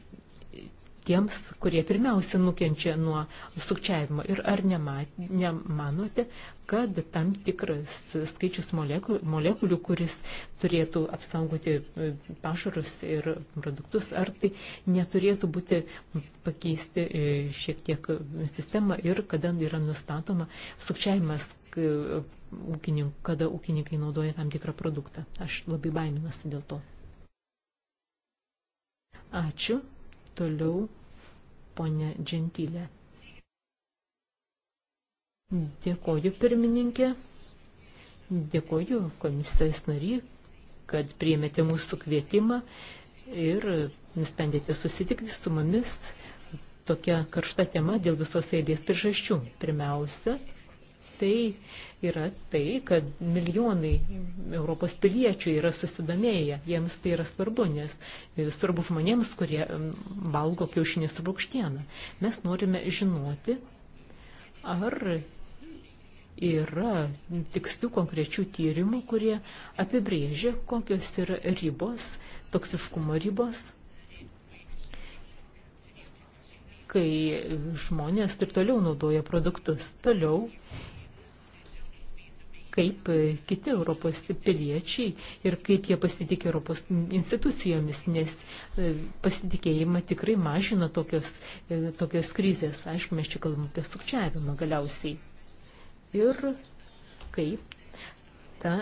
tiems, kurie pirmiausia nukenčia nuo sukčiavimo. Ir ar nemanote, kad tam tikras skaičius molekulių, molekulių kuris turėtų apsaugoti e, pašarus ir produktus, ar tai neturėtų būti pakeisti e, šiek tiek sistemą ir kada yra nustatoma sukčiavimas, kada ūkininkai naudoja tam tikrą produktą. Aš labai baiminuosi dėl to. Ačiū. Toliau ponė Džentilė. Dėkoju pirmininkė, dėkoju komisijos nary, kad priėmėte mūsų kvietimą ir nusprendėte susitikti su mumis tokia karšta tema dėl visos eilės priežasčių. Pirmiausia, tai yra tai, kad milijonai Europos piliečių yra susidomėję, jiems tai yra svarbu, nes svarbu žmonėms, kurie valgo kiaušinį su brūkštieną. Mes norime žinoti, ar yra tikslių konkrečių tyrimų, kurie apibrėžia, kokios yra ribos, toksiškumo ribos kai žmonės ir toliau naudoja produktus. Toliau kaip e, kiti Europos piliečiai ir kaip jie pasitikė Europos institucijomis, nes e, pasitikėjimą tikrai mažina tokios, e, tokios krizės. Aišku, mes čia kalbame apie sukčiavimą galiausiai. Ir kaip ta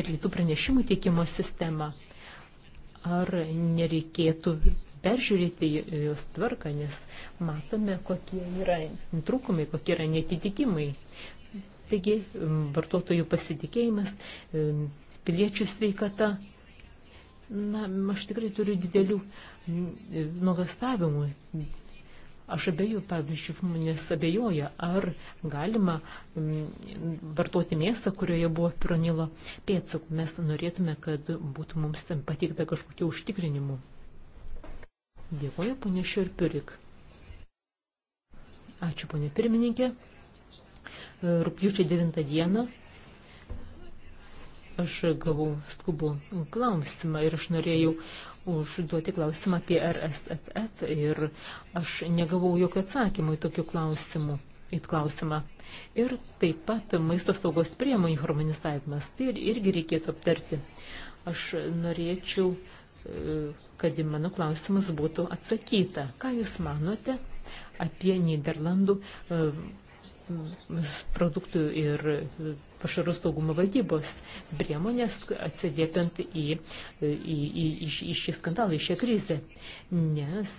greitų pranešimų teikimo sistema. Ar nereikėtų peržiūrėti jos tvarką, nes matome, kokie yra trūkumai, kokie yra netitikimai. Taigi vartotojų pasitikėjimas, piliečių sveikata. Na, aš tikrai turiu didelių nuogastavimų. Aš abeju, pavyzdžiui, žmonės abejoja, ar galima vartoti mėsą, kurioje buvo pironilo pėdsakų. Mes norėtume, kad būtų mums ten patikta kažkokių užtikrinimų. Dėkuoju, ponė Širpiurik. Ačiū, ponė pirmininkė rūpjūčio 9 dieną aš gavau skubų klausimą ir aš norėjau užduoti klausimą apie RSFF ir aš negavau jokio atsakymų į tokių klausimų. Į klausimą. Ir taip pat maisto saugos priemonių harmonizavimas. Tai irgi reikėtų aptarti. Aš norėčiau, e, kad į mano klausimus būtų atsakyta. Ką Jūs manote apie Niderlandų e, produktų ir pašarus saugumo valdybos priemonės atsiliepiant į, į, į, į, į šį skandalą, į šią krizę, nes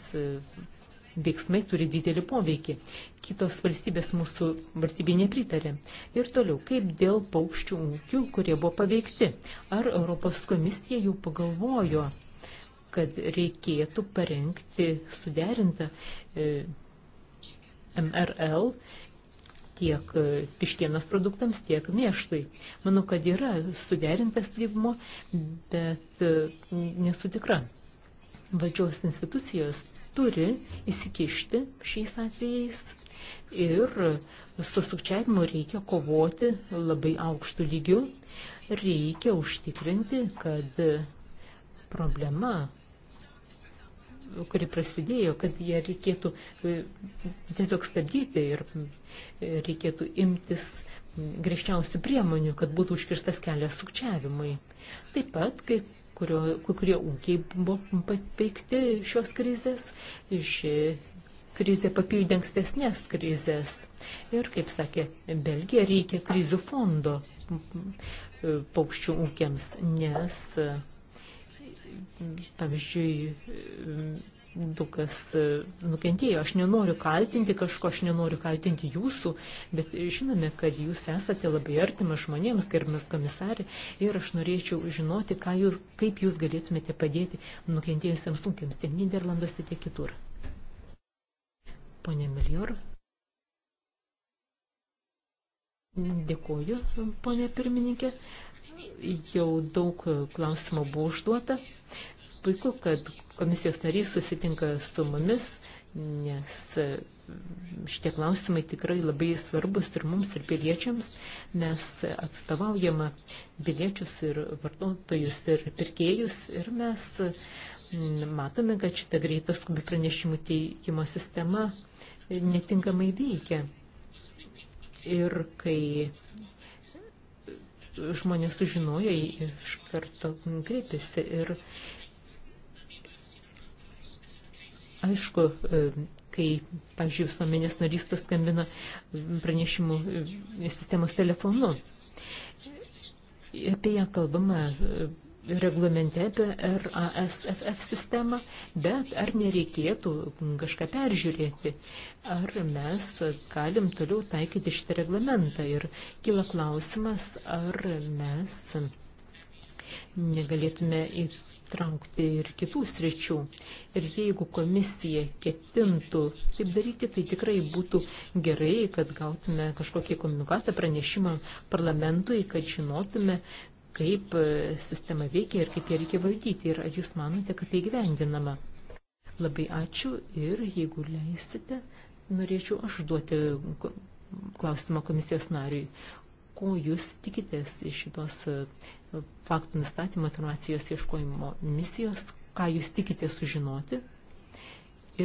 veiksmai turi didelį poveikį. Kitos valstybės mūsų valstybė nepritarė. Ir toliau, kaip dėl paukščių ūkių, kurie buvo paveikti? Ar Europos komisija jau pagalvojo, kad reikėtų parengti suderintą e, MRL tiek e, pištienos produktams, tiek mėšlai. Manau, kad yra suderintas lygmo, bet e, nesu tikra. Valdžios institucijos turi įsikišti šiais atvejais ir su sukčiavimu reikia kovoti labai aukštų lygių, reikia užtikrinti, kad problema kuri prasidėjo, kad ją reikėtų e, tiesiog stabdyti ir e, reikėtų imtis griežčiausių priemonių, kad būtų užkirstas kelias sukčiavimui. Taip pat, kai kurio, kurie ūkiai buvo pateikti šios krizės, ši krizė papildė ankstesnės krizės. Ir, kaip sakė Belgija, reikia krizių fondo paukščių ūkiams, nes pavyzdžiui, daug kas e, nukentėjo. Aš nenoriu kaltinti kažko, aš nenoriu kaltinti jūsų, bet žinome, kad jūs esate labai artimas žmonėms, gerbimas komisarė, ir aš norėčiau žinoti, jūs, kaip jūs galėtumėte padėti nukentėjusiems sunkiams tiek Niderlanduose, tiek kitur. Pone Melior. Dėkuoju, ponė pirmininkė. Jau daug klausimų buvo užduota. Puiku, kad komisijos narys susitinka su mumis, nes šitie klausimai tikrai labai svarbus ir mums, ir piliečiams. Mes atstovaujame piliečius ir vartotojus ir pirkėjus ir mes matome, kad šita greitas skubių pranešimų teikimo sistema netinkamai veikia. Ir kai žmonės sužinojo, iš karto kreipėsi ir Aišku, e, kai, pavyzdžiui, visuomenės narys paskambina pranešimų e, sistemos telefonu. Apie ją kalbama e, reglamente apie RASFF sistemą, bet ar nereikėtų kažką peržiūrėti, ar mes galim toliau taikyti šitą reglamentą. Ir kila klausimas, ar mes negalėtume į įtraukti ir kitų sričių. Ir jeigu komisija ketintų taip daryti, tai tikrai būtų gerai, kad gautume kažkokį komunikatą, pranešimą parlamentui, kad žinotume, kaip e, sistema veikia ir kaip ją reikia valdyti. Ir ar jūs manote, kad tai gyvendinama? Labai ačiū ir jeigu leisite, norėčiau aš duoti klausimą komisijos nariui. Ko jūs tikitės iš šitos e, faktų nustatymo informacijos ieškojimo misijos, ką jūs tikite sužinoti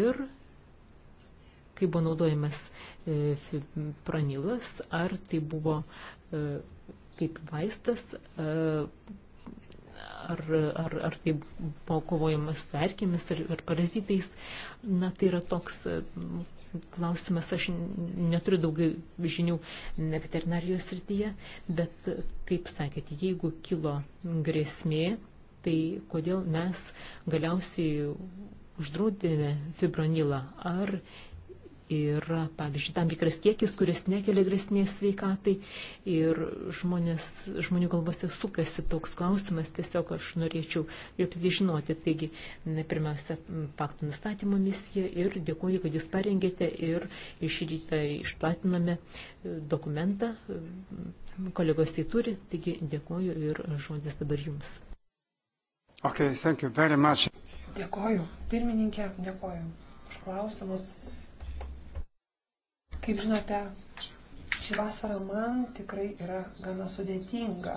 ir kaip buvo naudojamas e, pranilas, ar tai buvo e, kaip vaistas, e, ar, ar, ar tai buvo kovojamas su erkėmis ar, ar parazitais. Na, tai yra toks klausimas, aš neturiu daugiau žinių veterinarijos srityje, bet, kaip sakėt, jeigu kilo grėsmė, tai kodėl mes galiausiai uždraudėme fibronilą? Ar yra, pavyzdžiui, tam tikras kiekis, kuris nekelia grėsmės sveikatai ir žmonės, žmonių galvose sukasi toks klausimas, tiesiog aš norėčiau jums žinoti. Taigi, pirmiausia, paktų nustatymo misija ir dėkuoju, kad jūs parengėte ir iš ryto išplatiname dokumentą, kolegos tai turi, taigi dėkuoju ir žodis dabar jums. Okay, thank you very much. Dėkoju, pirmininkė, dėkoju už klausimus. Kaip žinote, ši vasara man tikrai yra gana sudėtinga.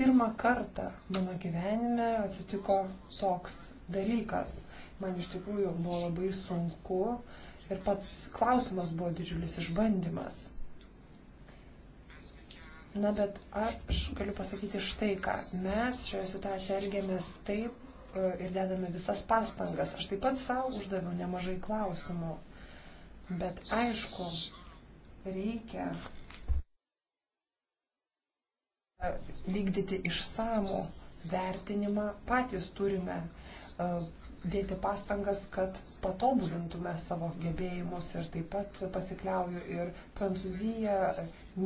Pirmą kartą mano gyvenime atsitiko toks dalykas. Man iš tikrųjų buvo labai sunku ir pats klausimas buvo didžiulis išbandymas. Na, bet aš galiu pasakyti štai ką. Mes šioje situacijoje elgėmės taip e, ir dedame visas pastangas. Aš taip pat savo uždaviau nemažai klausimų. Bet aišku, reikia e, vykdyti išsamų vertinimą. Patys turime e, dėti pastangas, kad patobulintume savo gebėjimus ir taip pat pasikliauju ir Prancūziją,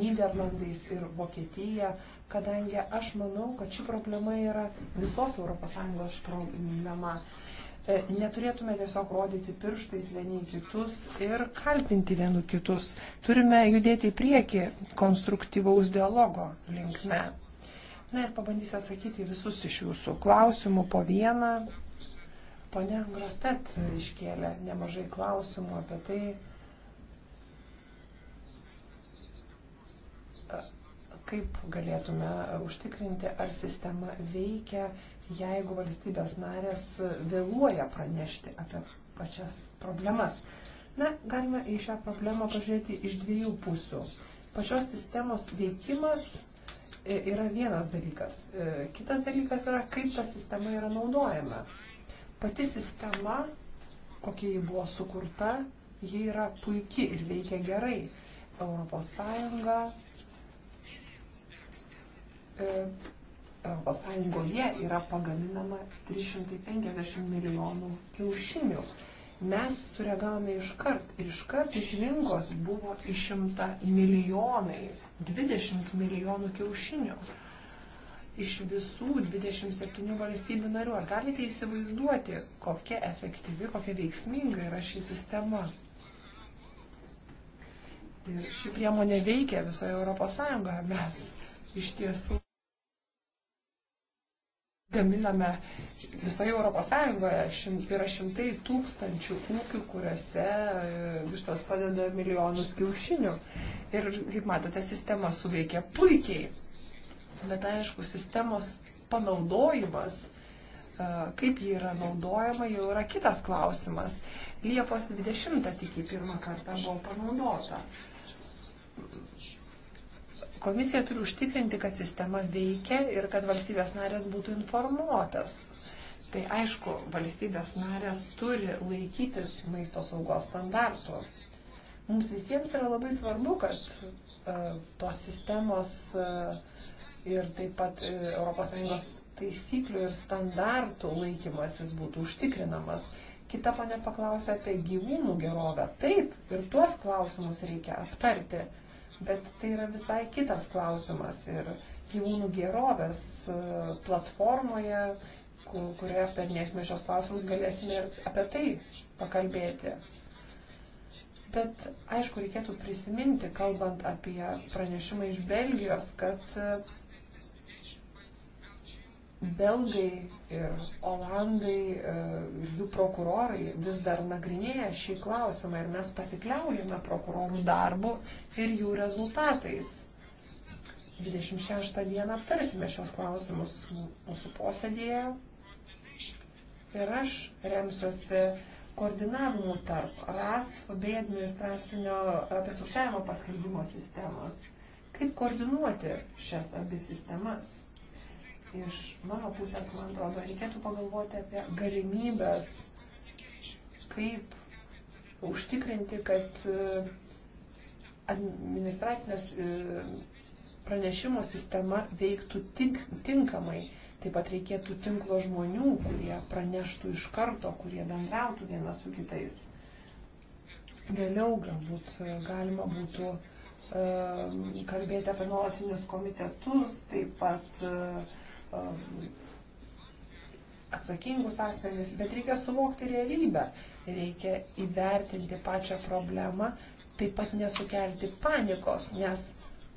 Niderlandais ir Vokietiją, kadangi aš manau, kad ši problema yra visos ES problema. E, neturėtume tiesiog rodyti pirštais vieni kitus ir kaltinti vieni kitus. Turime judėti į priekį konstruktyvaus dialogo linkme. Na ir pabandysiu atsakyti visus iš jūsų klausimų po vieną. Pone Grostet iškėlė nemažai klausimų apie tai, e, kaip galėtume užtikrinti, ar sistema veikia jeigu valstybės narės vėluoja pranešti apie pačias problemas. Na, galime į šią problemą pažiūrėti iš dviejų pusių. Pačios sistemos veikimas e, yra vienas dalykas. E, kitas dalykas yra, kaip ta sistema yra naudojama. Pati sistema, kokia ji buvo sukurta, ji yra puikiai ir veikia gerai. Europos Sąjunga e, ES yra pagaminama 350 milijonų kiaušinių. Mes sureagavome iškart ir iškart iš rinkos buvo išimta milijonai, 20 milijonų kiaušinių iš visų 27 valstybių narių. Ar galite įsivaizduoti, kokia efektyvi, kokia veiksminga yra ši sistema? Ir ši priemonė veikia visoje Europos Sąjungoje. Mes iš tiesų Gaminame visoje Europos Sąjungoje, šimt, yra šimtai tūkstančių ūkių, kuriuose e, vištos padeda milijonus kiaušinių. Ir, kaip matote, sistema suveikia puikiai. Bet aišku, sistemos panaudojimas e, kaip ji yra naudojama, jau yra kitas klausimas. Liepos 20 tik pirmą kartą buvo panaudota. Komisija turi užtikrinti, kad sistema veikia ir kad valstybės narės būtų informuotas. Tai aišku, valstybės narės turi laikytis maisto saugos standartų. Mums visiems yra labai svarbu, kad e, tos sistemos e, ir taip pat ES taisyklių ir standartų laikymasis būtų užtikrinamas. Kita mane paklausė apie gyvūnų gerovę. Taip, ir tuos klausimus reikia aptarti bet tai yra visai kitas klausimas. Ir gyvūnų gerovės e, platformoje, kurioje aptarnėsime šios klausimus, galėsime ir apie tai pakalbėti. Bet aišku, reikėtų prisiminti, kalbant apie pranešimą iš Belgijos, kad Belgai ir Olandai e, ir jų prokurorai vis dar nagrinėja šį klausimą ir mes pasikliaujame prokurorų darbu ir jų rezultatais. 26 dieną aptarsime šios klausimus mūsų posėdėje ir aš remsiuosi koordinavimu tarp RAS bei administracinio apie sukčiavimo paskelbimo sistemos. Kaip koordinuoti šias abi sistemas? iš mano pusės, man atrodo, reikėtų pagalvoti apie galimybės, kaip užtikrinti, kad e, administracinės e, pranešimo sistema veiktų tink, tinkamai. Taip pat reikėtų tinklo žmonių, kurie praneštų iš karto, kurie bendrautų vienas su kitais. Vėliau galbūt e, galima būtų uh, kalbėti apie nuolatinius komitetus, taip pat uh, Um, atsakingus asmenys, bet reikia suvokti realybę, reikia įvertinti pačią problemą, taip pat nesukelti panikos, nes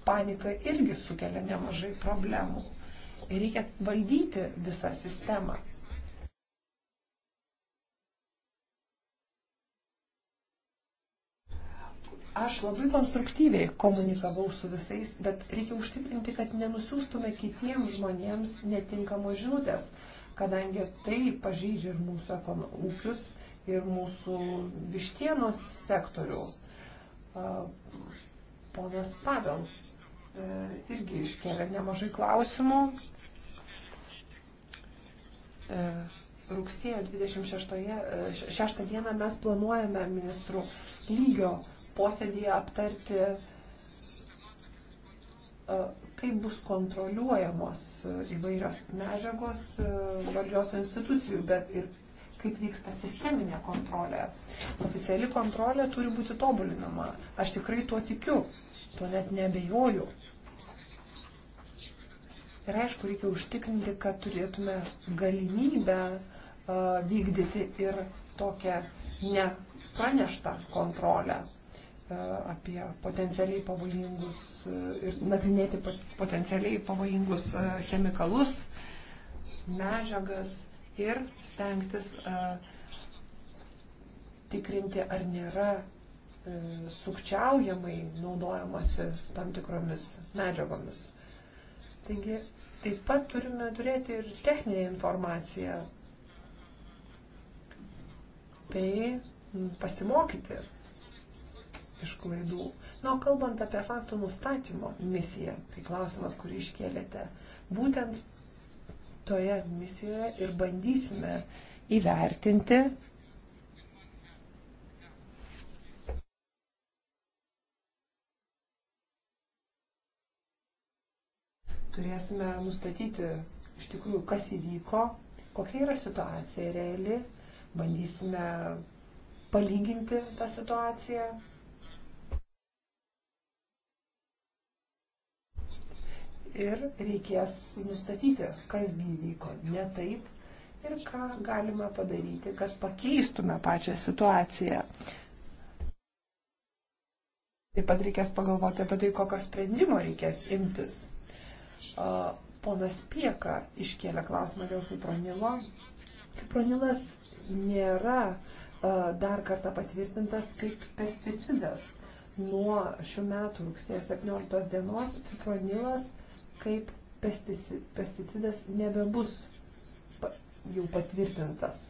panika irgi sukelia nemažai problemų. Reikia valdyti visą sistemą. Aš labai konstruktyviai komunikavau su visais, bet reikia užtikrinti, kad nenusiųstume kitiems žmonėms netinkamos žinutės, kadangi tai pažeidžia ir mūsų ūkius, ir mūsų vištienos sektorių. Ponas Pavel e, irgi iškelia nemažai klausimų e, rugsėjo 26 e, dieną mes planuojame ministrų lygio posėdėje aptarti, e, kaip bus kontroliuojamos įvairios medžiagos e, valdžios institucijų, bet ir kaip vyksta sisteminė kontrolė. Oficiali kontrolė turi būti tobulinama. Aš tikrai tuo tikiu, tuo net nebejoju. Ir aišku, reikia užtikrinti, kad turėtume galimybę vykdyti ir tokią nepraneštą kontrolę apie potencialiai pavojingus ir nagrinėti potencialiai pavojingus chemikalus, medžiagas ir stengtis tikrinti, ar nėra e, sukčiaujamai naudojamasi tam tikromis medžiagomis. Taigi Taip pat turime turėti ir techninę informaciją bei pasimokyti iš klaidų. Na, o kalbant apie faktų nustatymo misiją, tai klausimas, kurį iškėlėte, būtent toje misijoje ir bandysime įvertinti turėsime nustatyti iš tikrųjų, kas įvyko, kokia yra situacija reali, bandysime palyginti tą situaciją. Ir reikės nustatyti, kas įvyko ne taip ir ką galima padaryti, kad pakeistume pačią situaciją. Taip pat reikės pagalvoti apie tai, kokio sprendimo reikės imtis. Ponas Pieka iškėlė klausimą dėl fipronilo. Fipronilas nėra dar kartą patvirtintas kaip pesticidas. Nuo šių metų rugsėjo 17 dienos fipronilas kaip pesticidas nebebus jau patvirtintas.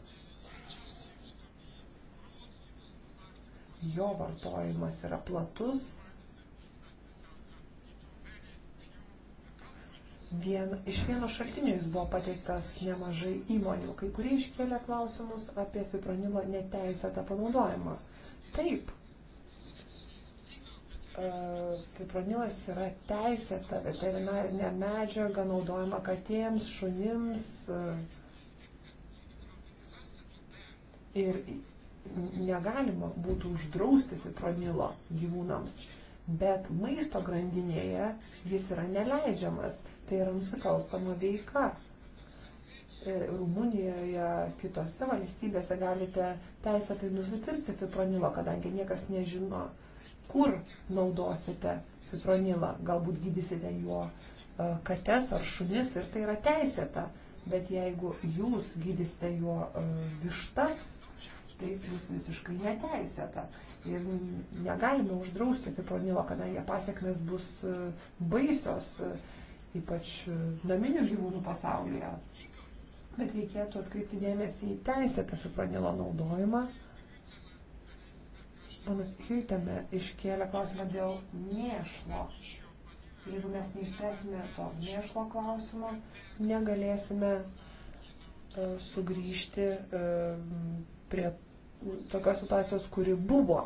Jo vartojimas yra platus vien, iš vieno šaltinio jis buvo pateiktas nemažai įmonių, kai kurie iškėlė klausimus apie fipronilo neteisėtą panaudojimą. Taip, e, fipronilas yra teisėta veterinarinė medžiaga naudojama katėms, šunims e, ir negalima būtų uždrausti fipronilo gyvūnams, bet maisto grandinėje jis yra neleidžiamas Tai yra nusikalstama veika. E, Rumunijoje, kitose valstybėse galite teisėtai nusipirkti fipronilo, kadangi niekas nežino, kur naudosite fipronilą. Galbūt gydysite juo e, kates ar šunis ir tai yra teisėta. Bet jeigu jūs gydysite juo e, vištas, tai bus visiškai neteisėta. Ir negalime uždrausti fipronilo, kadangi pasiekmes bus baisios ypač e, naminių gyvūnų pasaulyje. Bet reikėtų atkreipti dėmesį į teisėtą fipronilo naudojimą. Panas Hiltame iškėlė klausimą dėl mėšlo. Jeigu mes neišspręsime to mėšlo klausimo, negalėsime uh, sugrįžti uh, prie tokios situacijos, kuri buvo.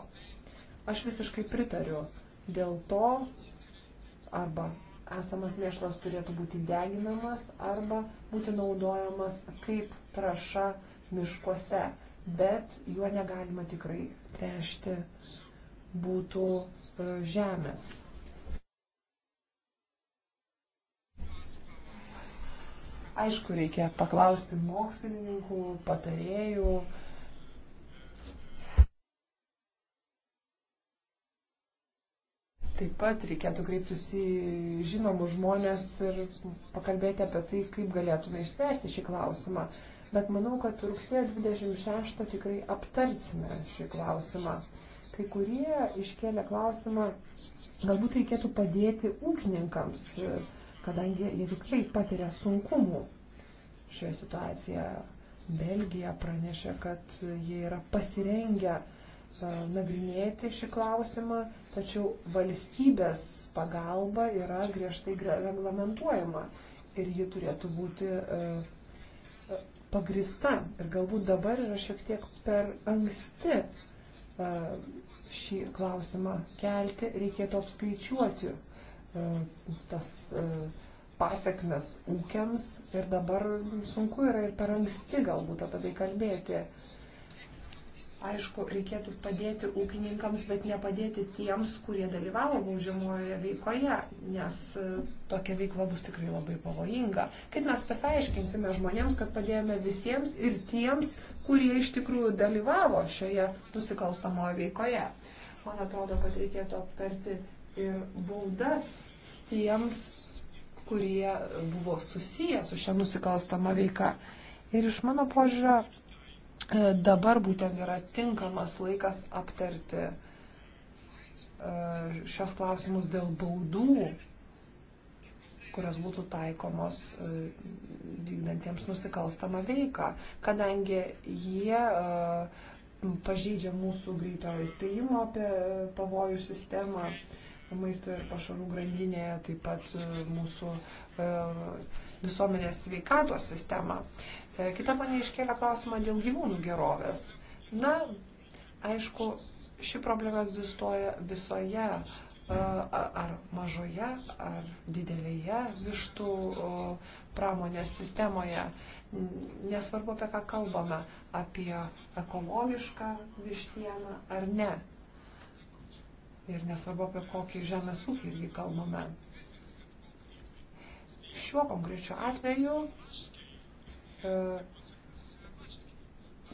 Aš visiškai pritariu. Dėl to arba esamas mėšlas turėtų būti deginamas arba būti naudojamas kaip traša miškuose, bet juo negalima tikrai trešti būtų e, žemės. Aišku, reikia paklausti mokslininkų, patarėjų, Taip pat reikėtų kreiptis į žinomus žmonės ir pakalbėti apie tai, kaip galėtume išspręsti šį klausimą. Bet manau, kad rugsėjo 26 tikrai aptarsime šį klausimą. Kai kurie iškėlė klausimą, galbūt reikėtų padėti ūkininkams, kadangi jie tikrai patiria sunkumų šioje situacijoje. Belgija pranešė, kad jie yra pasirengę uh, E, nagrinėti šį klausimą, tačiau valstybės pagalba yra griežtai reglamentuojama ir ji turėtų būti e, e, pagrista. Ir galbūt dabar yra šiek tiek per anksti šį klausimą kelti, reikėtų apskaičiuoti tas pasiekmes ūkiams ir dabar sunku yra ir per anksti galbūt apie tai kalbėti aišku, reikėtų padėti ūkininkams, bet nepadėti tiems, kurie dalyvavo baudžiamojoje veikoje, nes e, tokia veikla bus tikrai labai pavojinga. Kaip mes pasiaiškinsime žmonėms, kad padėjome visiems ir tiems, kurie iš tikrųjų dalyvavo šioje nusikalstamoje veikoje. Man atrodo, kad reikėtų aptarti ir baudas tiems, kurie buvo susiję su šia nusikalstama veika. Ir iš mano požiūrio E, dabar būtent yra tinkamas laikas aptarti e, šios klausimus dėl baudų, kurios būtų taikomos e, vykdantiems nusikalstamą veiką, kadangi jie pažydžia mūsų greitojo įspėjimo apie pavojų sistemą maisto ir pašarų grandinėje, taip pat mūsų visuomenės sveikatos sistemą. E, kita mane iškėlė klausimą dėl gyvūnų gerovės. Na, aišku, ši problema egzistuoja visoje e, ar mažoje, ar didelėje vištų pramonės sistemoje. Nesvarbu, apie ką kalbame, apie ekologišką vištieną ar ne. Ir nesvarbu, apie kokį žemės ūkį irgi kalbame. Šiuo konkrečiu atveju E,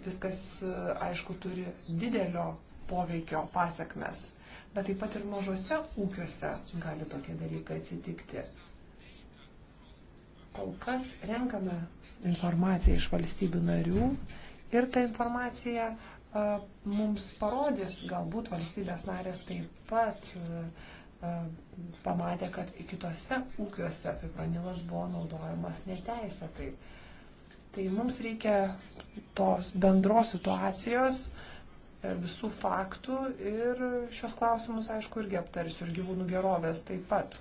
viskas, e, aišku, turi didelio poveikio pasiekmes, bet taip pat ir mažose ūkiuose gali tokie dalykai atsitikti. Kol kas renkame informaciją iš valstybių narių ir ta informacija a, e, mums parodys, galbūt valstybės narės taip pat a, a, pamatė, kad kitose ūkiuose fipronilas buvo naudojamas neteisėtai. taip Tai mums reikia tos bendros situacijos, e, visų faktų ir šios klausimus, aišku, irgi aptarsiu ir gyvūnų gerovės taip pat.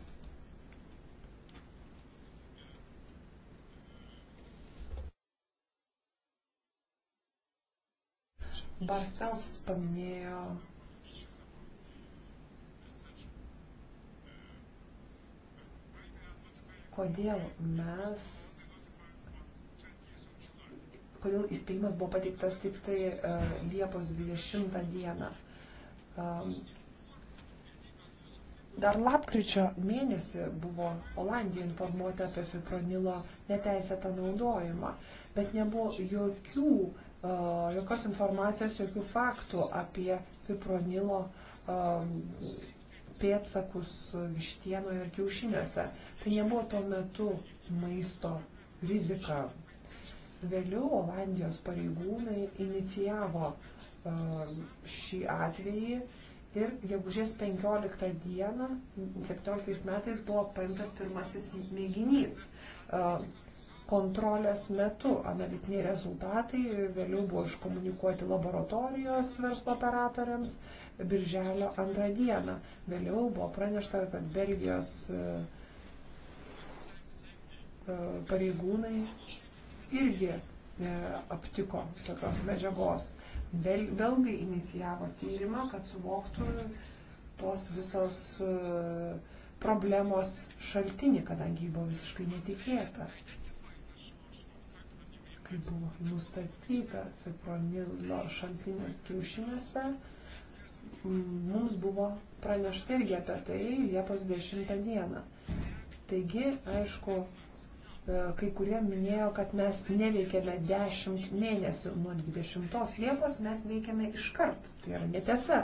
Barstels paminėjo kodėl mes kodėl įspėjimas buvo pateiktas tik tai uh, Liepos 20 dieną. Um, dar lapkričio mėnesį buvo Olandija informuota apie fipronilo neteisėtą naudojimą, bet nebuvo jokių, uh, jokios informacijos, jokių faktų apie fipronilo um, pėtsakus vištienoje ir kiaušiniuose. Tai nebuvo tuo metu maisto rizika Vėliau Olandijos pareigūnai inicijavo e, šį atvejį ir gegužės 15 dieną, 17 metais buvo paimtas pirmasis mėginys. E, kontrolės metu analitiniai rezultatai vėliau buvo iškomunikuoti laboratorijos verslo operatoriams birželio 2 dieną. Vėliau buvo pranešta, kad Belgijos e, pareigūnai irgi e, aptiko tokios medžiagos. Bel, belgai inicijavo tyrimą, kad suvoktų tos visos e, problemos šaltinį, kadangi jį buvo visiškai netikėta. Kai buvo nustatyta fipronilo šaltinis kiaušiniuose, mums buvo pranešta irgi apie tai Liepos 10 dieną. Taigi, aišku, E, kai kurie minėjo, kad mes neveikėme 10 mėnesių, nuo 20 Liepos mes veikėme iškart. Tai yra netiesa.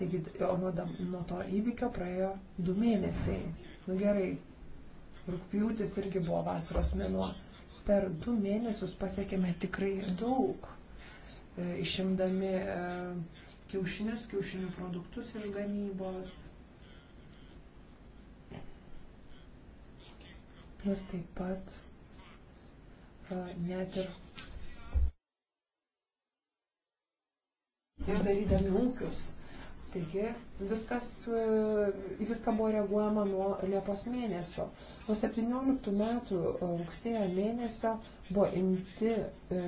Taigi, o nuo, nuo to įvykio praėjo 2 mėnesiai. Nu gerai, rūpjūtis irgi buvo vasaros mėnuo. Per 2 mėnesius pasiekėme tikrai daug, e, išimdami e, kiaušinius, kiaušinių produktus iš gamybos ir taip pat net ir uždarydami ūkius. Taigi viskas, į viską buvo reaguojama nuo Liepos mėnesio. Nuo 17 metų rugsėjo mėnesio buvo imti e,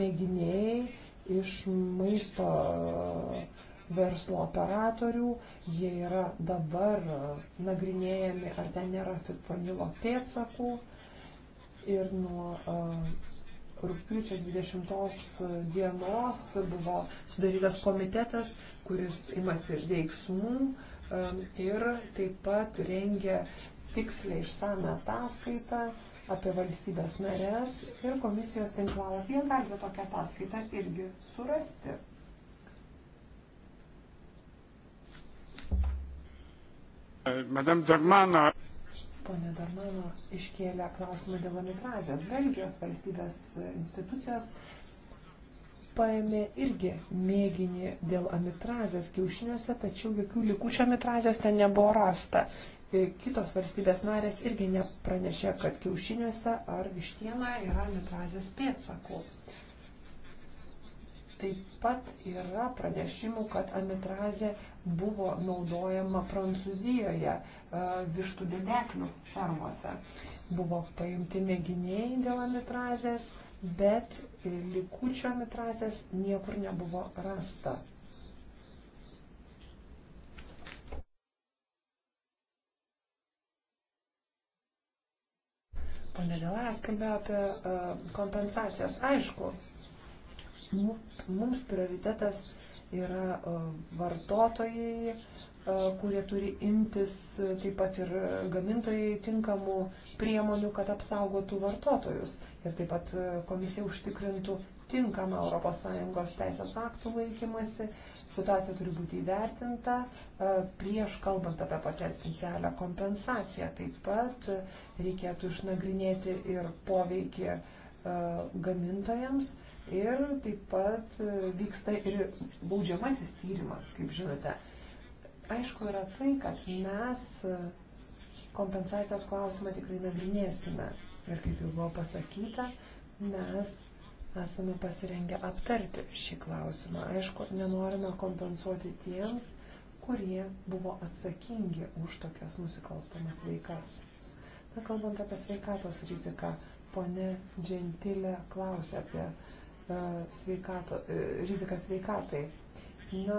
mėginiai iš maisto verslo operatorių, jie yra dabar e, nagrinėjami, ar ten nėra fitpronilo pėdsakų. Ir nuo e, rūpiučio 20 dienos buvo sudarytas komitetas, kuris imasi veiksmų e, ir taip pat rengia tiksliai išsame ataskaitą apie valstybės narės ir komisijos tinklalapyje galite tokią ataskaitą irgi surasti. Madame Darmano. Pone Darmano iškėlė klausimą dėl amitrazijos. Belgijos valstybės institucijos paėmė irgi mėginį dėl amitrazės kiaušiniuose, tačiau jokių likučių amitrazės ten nebuvo rasta. E, kitos valstybės narės irgi nepranešė, kad kiaušiniuose ar vištienoje yra amitrazės pėdsakų. Taip pat yra pranešimų, kad amitrazė buvo naudojama Prancūzijoje e, vištų dideklių fermose. Buvo paimti mėginiai dėl amitrazės, bet likučio amitrazės niekur nebuvo rasta. Pane Dėlas kalbėjo apie e, kompensacijas. Aišku, Mums prioritetas yra e, vartotojai, e, kurie turi imtis e, taip pat ir gamintojai tinkamų priemonių, kad apsaugotų vartotojus ir taip pat komisija užtikrintų tinkamą ES teisės aktų laikymasi. Situacija turi būti įvertinta prieš kalbant apie potencialią kompensaciją. Taip pat reikėtų išnagrinėti ir poveikį gamintojams Ir taip pat e, vyksta ir baudžiamasis tyrimas, kaip žinote. Aišku yra tai, kad mes e, kompensacijos klausimą tikrai nagrinėsime. Ir kaip jau buvo pasakyta, mes esame pasirengę aptarti šį klausimą. Aišku, nenorime kompensuoti tiems, kurie buvo atsakingi už tokias nusikalstamas veikas. Na, kalbant apie sveikatos riziką, ponė Džentilė klausė apie E, sveikato, e, riziką sveikatai. Na,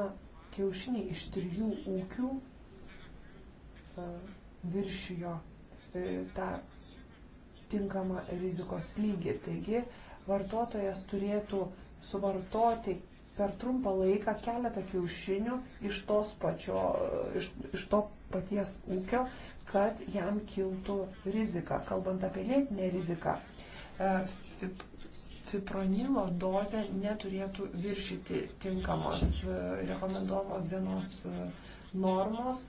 kiaušiniai iš trijų ūkių e, viršijo tą tinkamą rizikos lygį. Taigi vartotojas turėtų suvartoti per trumpą laiką keletą kiaušinių iš, pačio, iš, iš to paties ūkio, kad jam kiltų rizika. Kalbant apie lėtinę riziką, fipronilo dozė neturėtų viršyti tinkamos e, rekomenduomos dienos e, normos.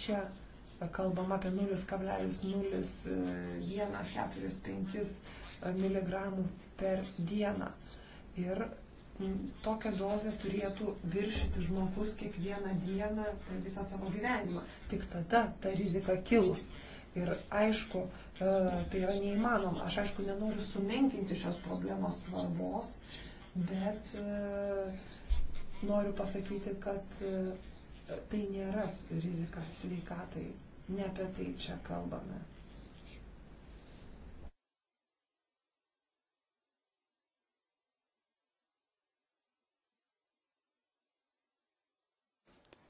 Čia e, kalbam apie 0,0145 mg per dieną. Ir tokią dozę turėtų viršyti žmogus kiekvieną dieną per visą savo gyvenimą. Tik tada ta rizika kils. Ir aišku, e, tai yra neįmanoma. Aš aišku nenoriu sumenkinti šios problemos svarbos, bet e, noriu pasakyti, kad e, tai nėra rizika sveikatai. Ne apie tai čia kalbame.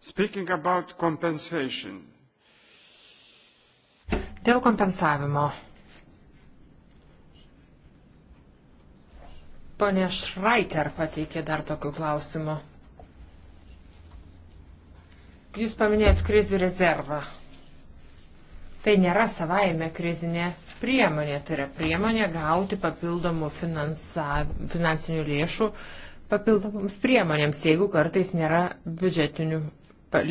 Speaking about compensation, Dėl kompensavimo. Pane Šraiter pateikė dar tokių klausimų. Jūs paminėjot krizių rezervą. Tai nėra savaime krizinė priemonė, tai yra priemonė gauti papildomų finansa, finansinių lėšų papildomoms priemonėms, jeigu kartais nėra biudžetinių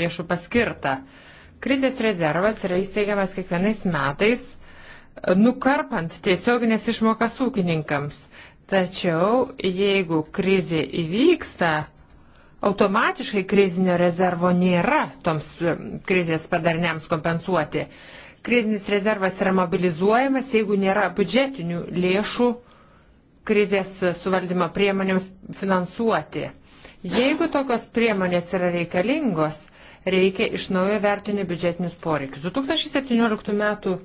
lėšų paskirta. Uh, Krizės rezervas yra įsteigiamas kiekvienais metais, e, nukarpant tiesioginės išmokas ūkininkams. Tačiau jeigu krizė įvyksta, automatiškai krizinio rezervo nėra toms e, krizės padarniams kompensuoti. Krizinis rezervas yra mobilizuojamas, jeigu nėra biudžetinių lėšų krizės suvaldymo priemonėms finansuoti. Jeigu tokios priemonės yra reikalingos, reikia iš naujo vertinti biudžetinius poreikius. 2017 metų e,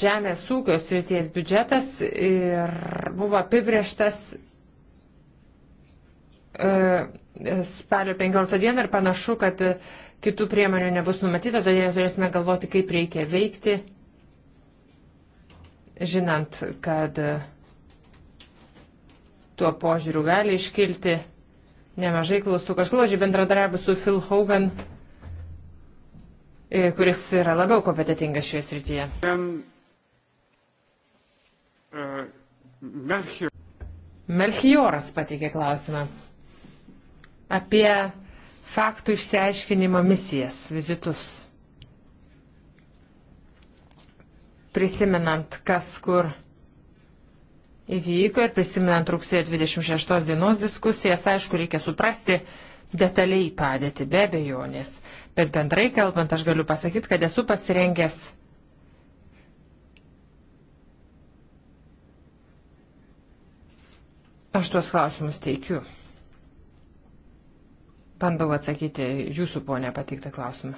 žemės ūkio srities biudžetas ir buvo apibrieštas e, spalio 15 dieną ir panašu, kad kitų priemonių nebus numatyta, todėl turėsime galvoti, kaip reikia veikti, žinant, kad tuo požiūriu gali iškilti nemažai klausų. Kažkodėl bendradarbiavimu su Phil Hogan, e, kuris yra labiau kompetitingas šioje srityje. Um, uh, Melchior. Melchioras pateikė klausimą apie faktų išsiaiškinimo misijas, vizitus. Prisimenant, kas kur įvyko ir prisimenant rugsėjo 26 dienos diskusijas, aišku, reikia suprasti detaliai padėti, be abejonės. Bet bendrai kalbant, aš galiu pasakyti, kad esu pasirengęs Aš tuos klausimus teikiu. Bandau atsakyti jūsų ponę patiktą klausimą.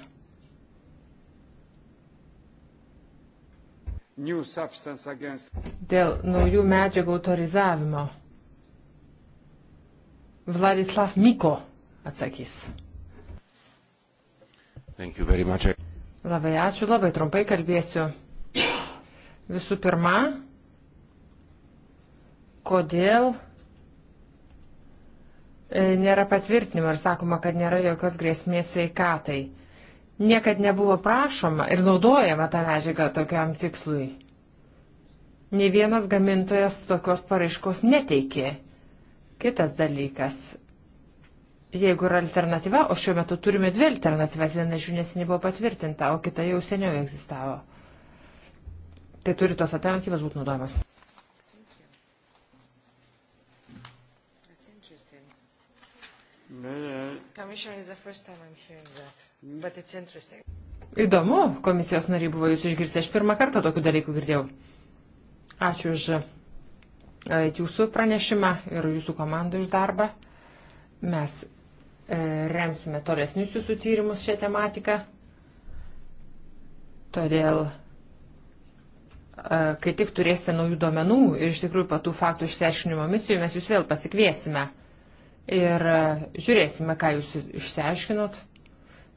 Dėl naujų medžiagų autorizavimo. Vladislav Miko atsakys. Labai ačiū, labai trumpai kalbėsiu. Visų pirma, kodėl e, nėra patvirtinimo ir sakoma, kad nėra jokios grėsmės sveikatai niekad nebuvo prašoma ir naudojama ta medžiaga tokiam tikslui. Ne vienas gamintojas tokios paraiškos neteikė. Kitas dalykas. Jeigu yra alternatyva, o šiuo metu turime dvi alternatyvas, viena iš jų nesiniai buvo patvirtinta, o kita jau seniau egzistavo, tai turi tos alternatyvas būti naudojamas. Įdomu, komisijos nariai buvo jūs išgirsti, aš pirmą kartą tokių dalykų girdėjau. Ačiū už e, jūsų pranešimą ir jūsų komandų už darbą. Mes e, remsime tolesnius jūsų tyrimus šią tematiką. Todėl e, kai tik turėsite naujų duomenų ir iš tikrųjų patų faktų išsiaiškinimo misijų, mes jūs vėl pasikviesime ir e, žiūrėsime, ką jūs išsiaiškinot.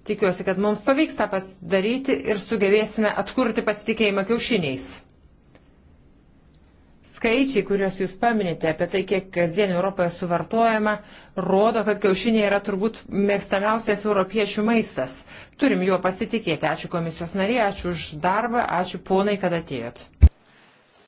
Tikiuosi, kad mums pavyks tą padaryti ir sugebėsime atkurti pasitikėjimą kiaušiniais. Skaičiai, kuriuos jūs paminite apie tai, kiek kasdien Europoje suvartojama, rodo, kad kiaušiniai yra turbūt mėgstamiausias europiečių maistas. Turim juo pasitikėti. Ačiū komisijos nariai, ačiū už darbą, ačiū ponai, kad atėjot.